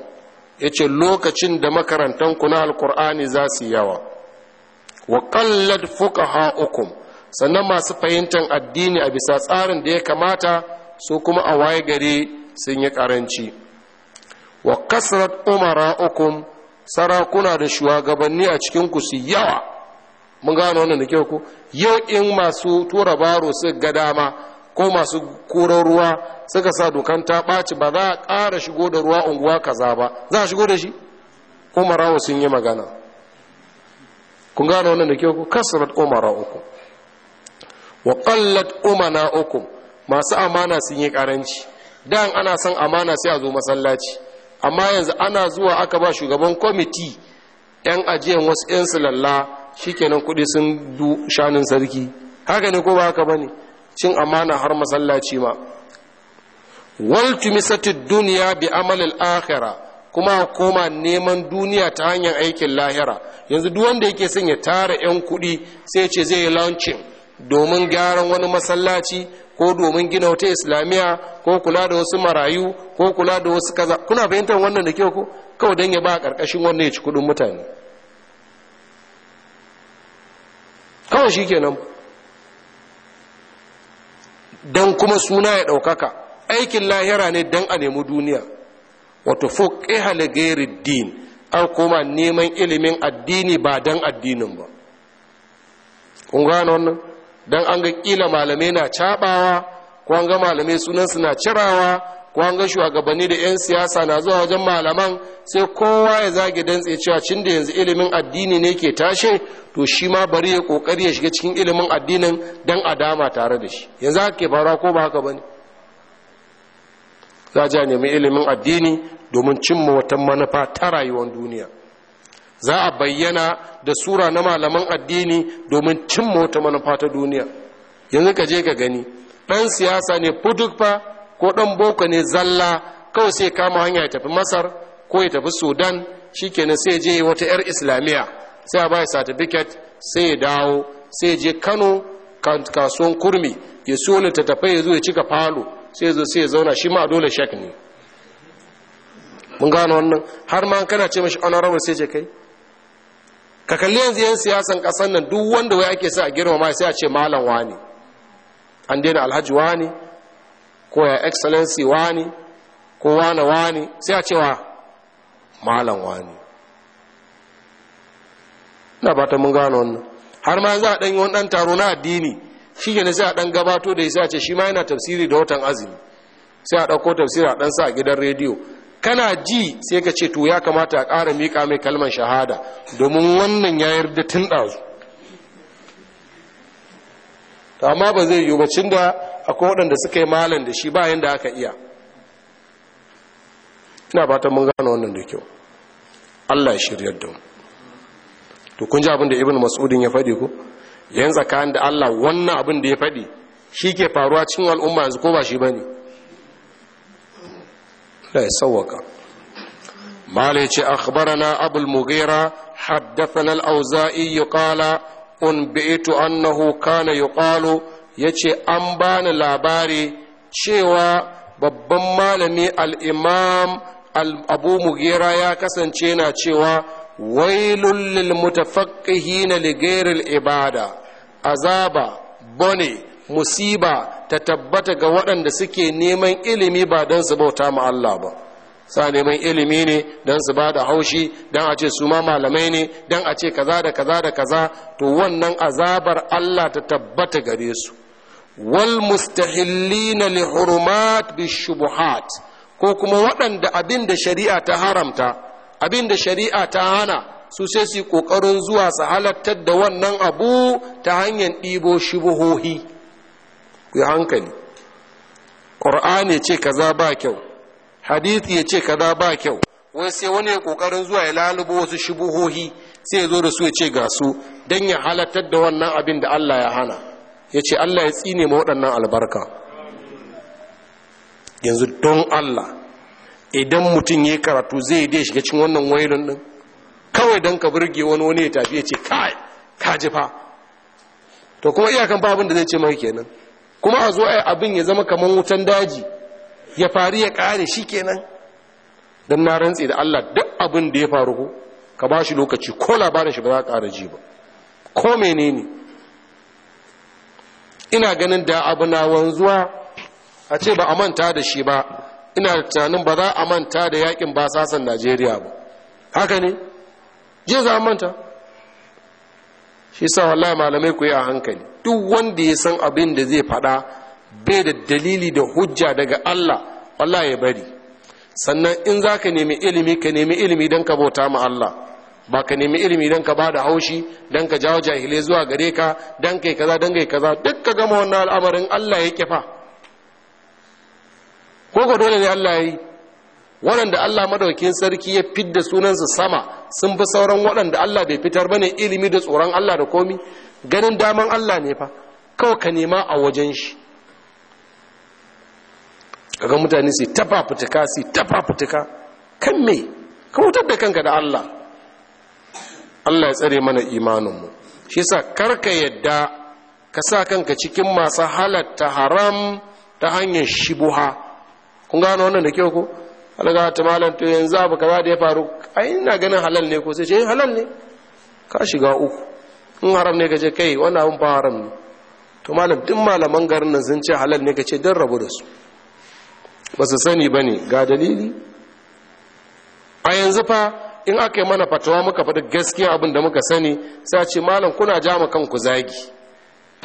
ya ce lokacin da makarantanku na alƙur'ani za su yawa wa fukaha fuqaha'ukum sannan masu fahimtar addini a bisa tsarin da ya kamata su kuma a waye gari sun yi karanci wa kasrat ukum sarakuna da shugabanni a cikin ku su yawa mun gano wannan da kyau ku yau in masu tura baro su ga dama ko masu koran ruwa suka sa dokan ta ɓaci ba za a ƙara shigo da ruwa unguwa kaza ba za a shigo da shi umarawa sun yi magana kun gano wannan da kyau ku kasrat umara uku wa qallat umana uku masu amana sun yi karanci dan ana son amana sai a zo masallaci amma yanzu ana zuwa aka ba shugaban kwamiti yan ajiyan wasu yan silalla shikenan kudi sun du shanin sarki haka ne ko ba haka bane cin amana har masallaci ma wal tumisatid dunya bi amalil akhirah kuma koma neman duniya ta hanyar aikin lahira yanzu duk wanda yake son ya tara 'yan kuɗi sai ce zai yi launching domin gyaran wani masallaci ko domin gina wata islamiyya ko kula da wasu marayu ko kula da wasu kaza kuna fahimtar wannan da kyau ko kawai don ya ba a ƙarƙashin wannan ya ci kuɗin mutane kawai shi kenan don kuma suna ya ɗaukaka aikin lahira ne don a nemi duniya wato Fok ihale din an koma neman ilimin addini ba dan addinin ba kun gano wannan dan an ga kila malamai na cabawa ko an ga malamai sunansu na cirawa ko an ga shugabanni da yan siyasa na zuwa wajen malaman sai kowa ya zage dantse cewa cin da yanzu ilimin addini ne ke tashe to shi ma bari ya kokari ya shiga cikin ilimin addinin dan a dama tare da shi yanzu haka ke fara ko ba haka bane za a nemi ilimin addini domin cimma wata manufa ta rayuwar duniya za a bayyana da sura na malaman addini domin cimma wata manufa ta duniya yanzu ka je ka gani ɗan siyasa ne fa ko ɗan boko ne zalla kawai sai kama hanya ya tafi masar ko ya tafi sudan shikenan sai je wata 'yar islamiyya sai a bai satifiket sai ya dawo sai je kano kasuwan kurmi ya so littattafai ya zo ya cika falo sai zo sai zauna shi ma dole shak ne mun gano wannan har ma kana ce mashi honorable sai ce kai ka kalli yanzu yan siyasan kasar nan duk wanda wai ake sa a girmama sai a ce malam wani an daina alhaji wani ko ya excellency wani ko wani wani sai a wa malam wani na ba ta mun gano wannan har ma za a ɗanyi wani ɗan taro na addini shi ne sai a ɗan gabato da ya a ce shi ma yana tafsiri da watan azumi sai a ɗauko tafsiri a ɗan sa a gidan rediyo kana ji sai ka ce to ya kamata a ƙara miƙa mai kalmar shahada domin wannan ya yarda tun ɗazu amma ba zai yiwu bacin da akwai waɗanda suka yi malam da shi ba yanda aka iya ina ta mun gano wannan da kyau allah ya shirya da mu to kun ji abin da ibn mas'udin ya faɗi ko yan tsakanin da Allah wannan abin da ya faɗi shi ke faruwa cikin al'umma yanzu ko ba shi ba ne da ya sauwaka malai ce akhbarana abul mughira haddathana al-auza'i yuqala unbi'tu annahu kana ya ce an bani labari cewa babban malami al-imam abu ya kasance na cewa wailul lil mutafaqqihina li ghairil ibada azaba bone musiba ta tabbata ga waɗanda suke neman ilimi ba don su bauta ma Allah ba sa neman ilimi ne don su ba da haushi don a ce su ma malamai ne don a ce kaza da kaza da kaza to wannan azabar Allah ta tabbata gare su wal mustahillina li hurumat bi shubuhat ko kuma waɗanda abin da shari'a ta haramta abin da shari'a ta hana su sai su ƙoƙarin zuwa su halattar da wannan abu ta hanyar ɗibo shubuhohi ku yi hankali ƙur'ani ce kaza ba kyau hadithi ya ce kaza ba kyau wai sai wani ya ƙoƙarin zuwa ya lalubo wasu shubuhohi sai ya zo da su ya ce ga su don ya halattar da wannan abin da Allah ya hana ya ce Allah ya tsine ma waɗannan albarka yanzu don Allah idan mutum ya karatu zai dai shiga cikin wannan wailun ɗin kawai don ka burge wani wani ya tafi ya ce kai ka to kuma iyakan fa abin da zai ce mai kenan kuma a zo abin ya zama kamar wutan daji ya faru ya kare shi kenan don na rantse da Allah duk abin da ya faru ko ka ba shi lokaci ko labarin shi ba za ka kare ji ba ko menene ina ganin da abu na wanzuwa a ce ba a manta da shi ba ina tunanin ba za a manta da yakin basasan Najeriya ba haka ne je za manta shi sa wallahi malamai ku yi a hankali duk wanda ya san abin da zai faɗa bai da dalili da hujja daga Allah wallahi ya bari sannan in za ka nemi ilimi ka nemi ilimi don ka bauta ma Allah ba ka nemi ilimi don ka ba da haushi don ka jawo jahilai zuwa gare ka don kai kaza don kai kaza duk ka gama wannan al'amarin Allah ya kifa ko ka dole ne Allah ya yi waɗanda Allah madaukin sarki ya fidda sunansu sama sun fi sauran waɗanda Allah bai fitar bane ilimi da tsoron Allah da komi ganin daman Allah ne fa kawai ka nema a wajen shi ga mutane su tafa fituka su tafa fituka kan me ka wutar da kanka da Allah Allah ya tsare mana imaninmu shi yasa karka yadda ka sa kanka cikin masu halatta haram ta hanyar shibuha kun gano wannan da kyau ko alaga ta malam to yanzu abu kaza da ya faru ai ina ganin halal ne ko sai ce eh, halal ne ka shiga uku in haram ne gaje kai wannan abun ba haram ne to malam duk malaman garin nan sun ce halal ne ka ce dan rabu da su ba su sani ba ne ga dalili a yanzu fa in aka yi mana fatawa muka faɗi gaskiya abin da muka sani sai a ce malam kuna ja ma kanku zagi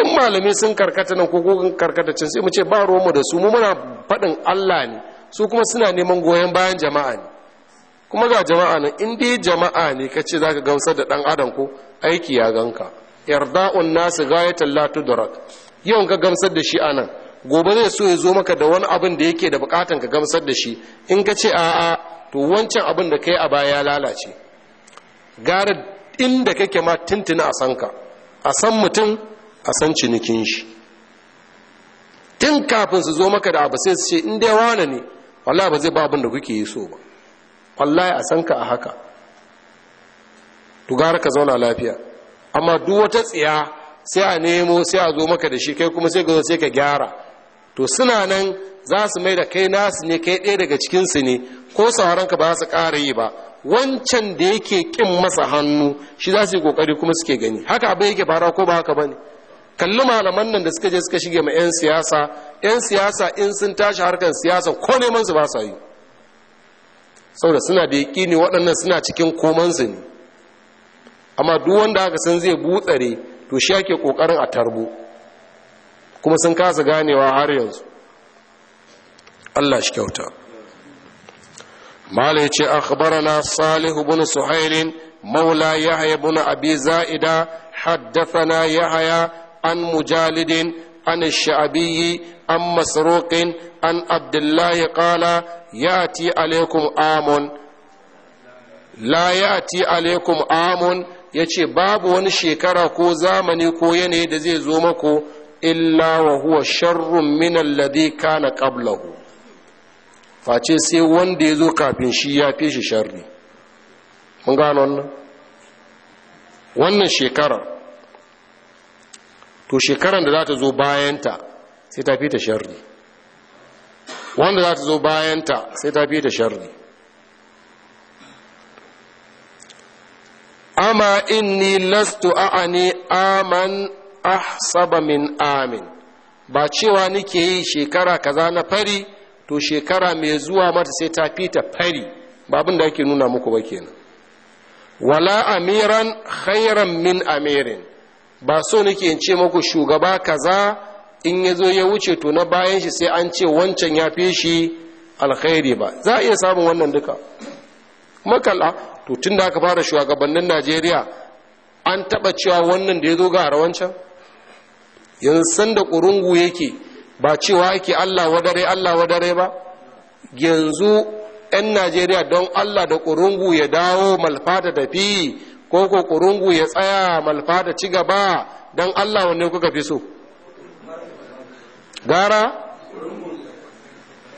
in malami sun karkata nan ko kogon karkata can sai mu ce ba ruwanmu da su mu muna faɗin allah ne su kuma suna neman goyon bayan jama'a ne kuma ga jama'a nan in dai jama'a ne ka ce za ka gamsar da ɗan adam ko aiki ya ganka yarda'un nasu gayatan da rak yau ka gamsar da shi anan gobe zai so ya zo maka da wani abin da yake da bukatan ka gamsar da shi in ka ce a'a to wancan abin da kai a baya ya lalace gara inda kake ma tuntuna a san ka a san mutum a san cinikin shi tun kafin su zo maka da abu sai su ce in dai wane ne wallahi ba zai ba abin da kuke yi so ba wallahi a san a haka to ka zauna lafiya amma duk wata tsiya sai a nemo sai a zo maka da shi kai kuma sai ka zo sai ka gyara to suna nan za su mai da kai nasu ne kai ɗaya daga cikinsu ne ko ka ba su ƙara yi ba wancan da yake ƙin masa hannu shi za su yi ƙoƙari kuma suke gani haka abin yake fara ko ba haka ba ne kalli malaman nan da suka je suka shige ma 'yan siyasa 'yan siyasa in sun tashi harkar siyasa ko neman su ba sa yi saboda suna da yaƙi ne waɗannan suna cikin komansu ne amma duk wanda aka san zai butsare to shi ake ƙoƙarin a tarbo kuma sun kasa ganewa har yanzu allah shi kyauta mala ya ce akhbarana salihu bin suhailin maula yahya bin abi za'ida haddathana yahya an mujalidin an sha'abiyi an masroƙin an abdullahi ƙala ya ti alaikum amon la ya ti alaikum yace ya ce babu wani shekara ko zamani ko yanayi da zai zo mako illa wa huwa sharrun min alladhi kana qablahu face sai wanda ya zo kafin shi ya fi shi sharri mun gano wannan wannan shekarar to shekaran da za ta zo bayanta sai ta fi ta sharri wanda za ta zo bayanta sai ta fi ta sharri amma inni lastu a'ani aman ahsaba min amin ba cewa nike yi shekara kaza na fari to shekara mai zuwa mata sai ta fi ta fari babin da ake nuna muku ba kenan wala amiran khairan min amirin ba so nake in ce maku shugaba kaza in ya zo ya wuce to na bayan shi sai an ce wancan ya fi shi alkhairi ba za a iya samun wannan duka makala to tun da aka fara shugabannin najeriya an taba cewa wannan da ya zo gara wancan yanzu da ƙurungu yake ba cewa yake allah wadare allah wadare ba yanzu 'yan najeriya don allah da ƙurungu ya dawo malfa ta tafi ko ko kurungu ya tsaya malfa da ci gaba don Allah wanne kuka fi so gara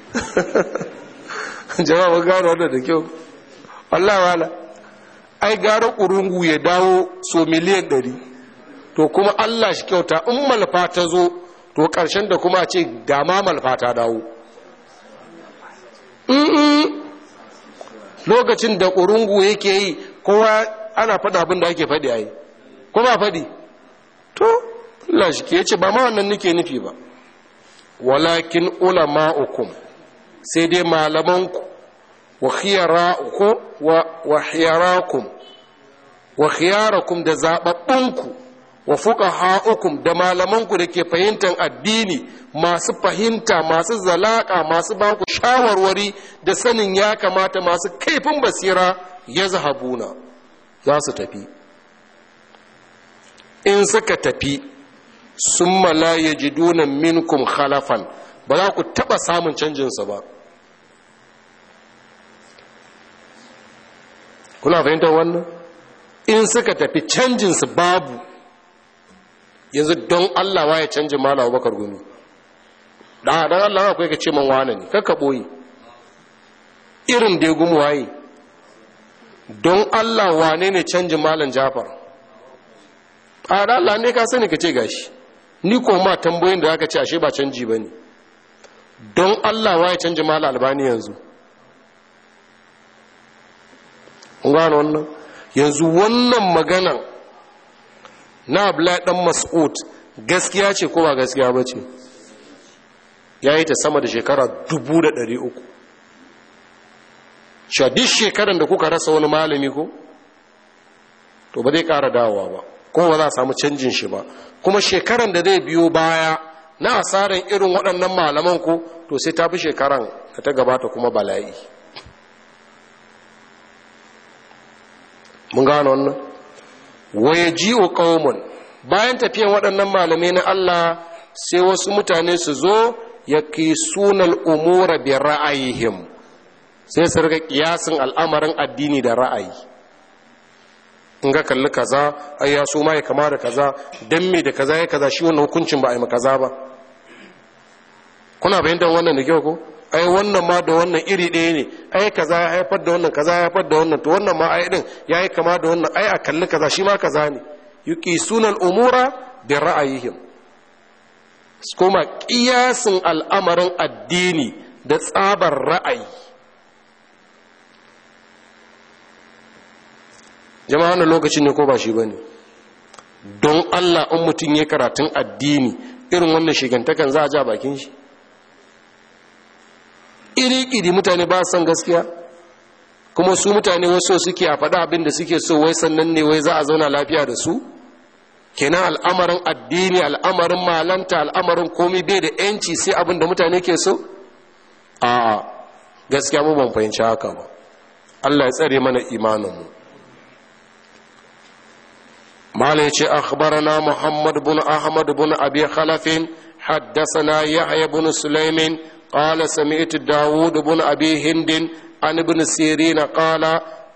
jama'a gano wannan da kyau Allah wala ai gara kurungu ya dawo so miliyan ɗari to kuma Allah shi kyauta in malfa ta zo to ƙarshen da kuma ce dama malfa ta dawo lokacin da kurungu yake yi kowa ana faɗi abin da ake faɗi ai ko ba faɗi to Allah shi ke ce ba ma wannan nake nufi ba walakin ulama ukum sai dai malamanku wa ku wa khiyarakum wa khiyarakum da ku wa ukum da malamanku da ke fahimtar addini masu fahimta masu zalaka masu baku shawarwari da sanin ya kamata masu kaifin basira ya zahabuna za su tafi in suka tafi sun malaye dunan minkum khalafan ba za ku taɓa samun canjinsa ba kuna fahimtar wannan in suka tafi canjinsa babu yanzu don allah wa ya canji malawa bakar gumi da don allah wa ka ce man wane ne kakka ɓoye irin da waye don Allah wane ne canji malam Jafar a da Allah ne ka sani ka ce gashi ni ko ma da aka ce ashe ba canji ba ne don Allah waye canji malam albani yanzu gano wannan yanzu wannan magana na abla dan mas'ud gaskiya ce ko ba gaskiya ba ce ya yi ta sama da shekara dubu da ɗari uku cewa duk shekaran da kuka rasa wani malami ko to ba zai kara dawowa ba kuma ba za a samu canjin shi ba kuma shekaran da zai biyo baya na asarar irin waɗannan malaman ko to sai ta fi shekaran da ta gabata kuma bala'i mun gano wannan waye ji ji'u qaumun bayan tafiyan waɗannan malamai na Allah sai wasu mutane su zo ya ki sunan umura bi ra'ayihim sai su rika kiyasin al'amarin addini da ra'ayi in ga kalli kaza ai ya su ma ya kama da kaza dan me da kaza ya kaza shi wannan hukuncin ba a yi kaza ba kuna bayyantar wannan da kyau ko ai wannan ma da wannan iri ɗaya ne ai kaza ya haifar da wannan kaza ya haifar da wannan to wannan ma ai din yayi kama da wannan ai a kalli kaza shi ma kaza ne Yuki sunan umura bi ra'ayihim kuma kiyasin al'amarin addini da tsabar ra'ayi jama'a wannan lokacin ne ko ba shi bane don Allah in mutum ya karatun addini irin wannan shigantakan za a ja bakin shi iri-iri mutane ba san gaskiya kuma su mutane wasu suke a faɗa abin da suke so wai sannan ne wai za a zauna lafiya da su kenan al'amarin addini al'amarin malanta al'amarin komai bai da yanci sai abin da mutane ke so a gaskiya mu ban fahimci haka ba allah ya tsare mana imaninmu mala ya ce akhbarana muhammad bin ahmad bin abi khalafin حدثنا يحيى بن سليم قال سمعت داود بن أبي هند عن ابن سيرين قال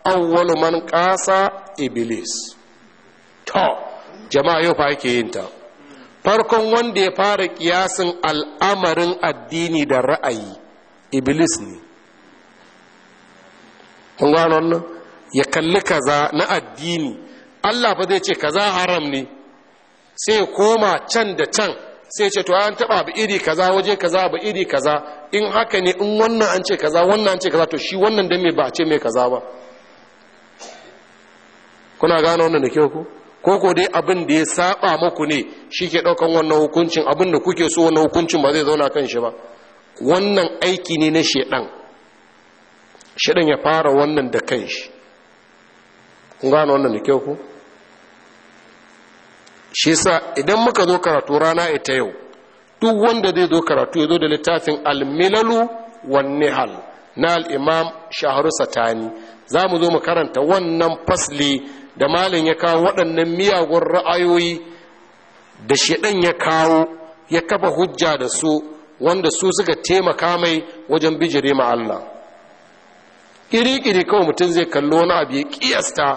أول من قاس إبليس تو جماعة يفاكي انت farkon wanda ya fara kiyasin al'amarin addini da ra'ayi iblis ne kun gano wannan ya kalli kaza na addini Allah ba zai ce kaza haram ne sai koma can da can sai ce to an taba abu iri kaza waje kaza abu iri kaza in haka ne in wannan an ce kaza wannan an ce kaza to shi wannan dan mai ba ce mai kaza ba kuna gane wannan da ke ku ko ko dai abin da ya saba muku ne shi ke daukan wannan hukuncin abin da kuke so wannan hukuncin ba zai zauna kan shi ba wannan aiki ne na shedan shedan ya fara wannan da kanshi kun gane wannan da ke ku shi sa idan muka zo karatu rana ita yau duk wanda zai zo karatu ya zo da littafin almilalu wan nihal na al'imam shahru satani za mu zo mu karanta wannan fasli da malin ya kawo waɗannan miyagun ra'ayoyi da shaɗan ya kawo ya kafa hujja da su wanda su suka taimaka mai wajen bijire ma Allah ƙiri-ƙiri kawai mutum zai kallo wani abu ya ƙiyasta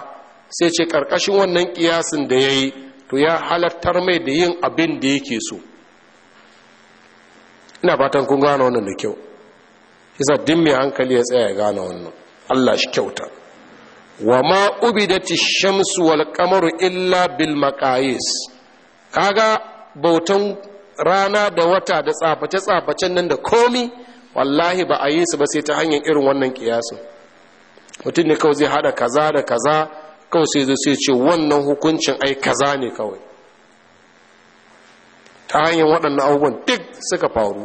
sai ce ƙarƙashin wannan ƙiyasin da ya yi to ya halattar mai da yin abin da yake so ina fatan kun gane wannan da kyau isa din hankali ya tsaya ya gane wannan Allah shi kyauta wa ma ubidati shamsu wal qamaru illa bil maqayis kaga bautan rana da wata da tsaface tsafacen nan da komi wallahi ba a yi su ba sai ta hanyar irin wannan kiyasin mutum ne kawai zai hada kaza da kaza kawai sai zai ce wannan hukuncin ai kaza ne kawai ta hanyar waɗannan abubuwan duk suka faru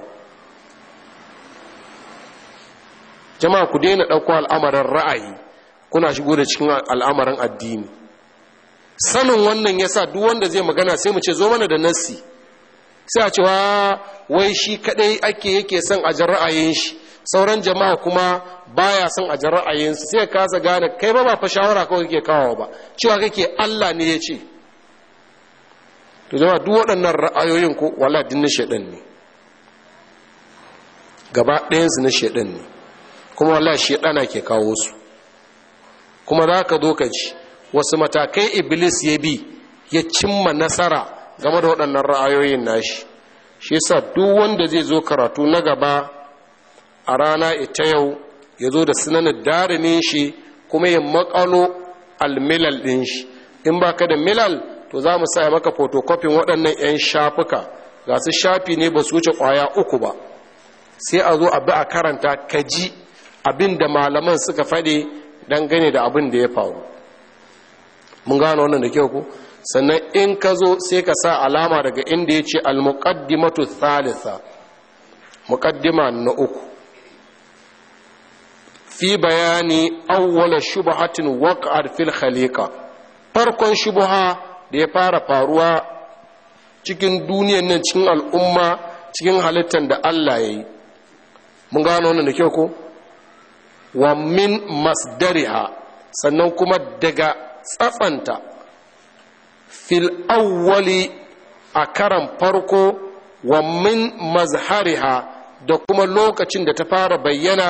jama'a ku daina ɗauko al'amarin ra'ayi kuna shigo da cikin al'amarin addini sanin wannan ya sa duk wanda zai magana sai mu ce zo mana da nassi sai a cewa wai shi kadai ake yake son ajin ra'ayin shi sauran jama'a kuma baya son a ji ra'ayinsu sai ka kasa gane kai ba ba fa shawara kawai kake kawo ba cewa kake Allah ne ya ce to jama'a duk waɗannan ra'ayoyin ko wala din na shedan ne gaba ɗayansu na shedan ne kuma wala shedana ke kawo su kuma za ka zo ka ji wasu matakai iblis ya bi ya cimma nasara game da waɗannan ra'ayoyin nashi shi yasa duk wanda zai zo karatu na gaba a rana ita yau ya zo da sunanin darinin shi kuma ya makalo almilal ɗin shi in ba ka da milal to za mu sa maka fotokofin waɗannan 'yan shafuka ga su shafi ne ba su wuce ƙwaya uku ba sai a zo a bi a karanta ka ji abin da malaman suka faɗi dangane da abin da ya faru mun gano wannan da kyau ku sannan in ka zo sai ka sa alama daga inda ya ce al-muqaddimatu thalitha muqaddima na uku fi bayani awwala shubhatin waqa'at fil khaliqa farkon shubha da ya fara faruwa cikin duniyar nan cikin al'umma cikin halittar da Allah ya yi mun gano wannan da kyau ko wa min masdariha sannan kuma daga tsafanta fil awwali a karan farko wa min mazhariha da kuma lokacin da ta fara bayyana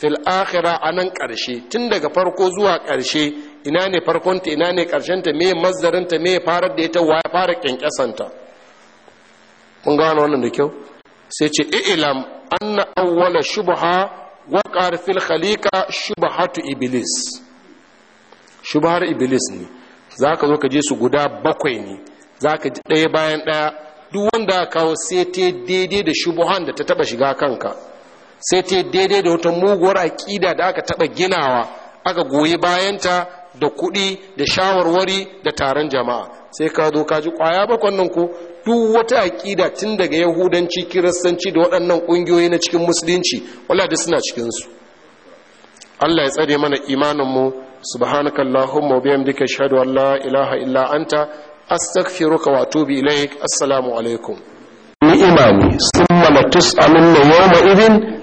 fil akhira a nan ƙarshe tun daga farko zuwa ƙarshe ina ne farkonta ina ne ta, me ta, me farar da ita wa fara ta. mun gano wannan da kyau sai ce ilam anna awwala shubha qar fil khaliqa shubhatu iblis shubhar iblis ne zaka zo ka je su guda bakwai ne zaka ji ɗaya bayan ɗaya duk wanda kawo sai ta daidai da shubuhan da ta taba shiga kanka sai ta daidai da wata muguwar aƙida da aka taɓa ginawa aka goyi bayanta da kuɗi da shawarwari da taron jama'a sai ka zo ka ji ƙwaya bakon nan ko duk wata aƙida tun daga yahudanci kiristanci da waɗannan ƙungiyoyi na cikin musulunci wala da suna cikinsu allah ya tsare mana imaninmu subhanakallahumma wa bihamdika ashhadu an la ilaha illa anta astaghfiruka wa atubu ilaik assalamu alaikum summa yawma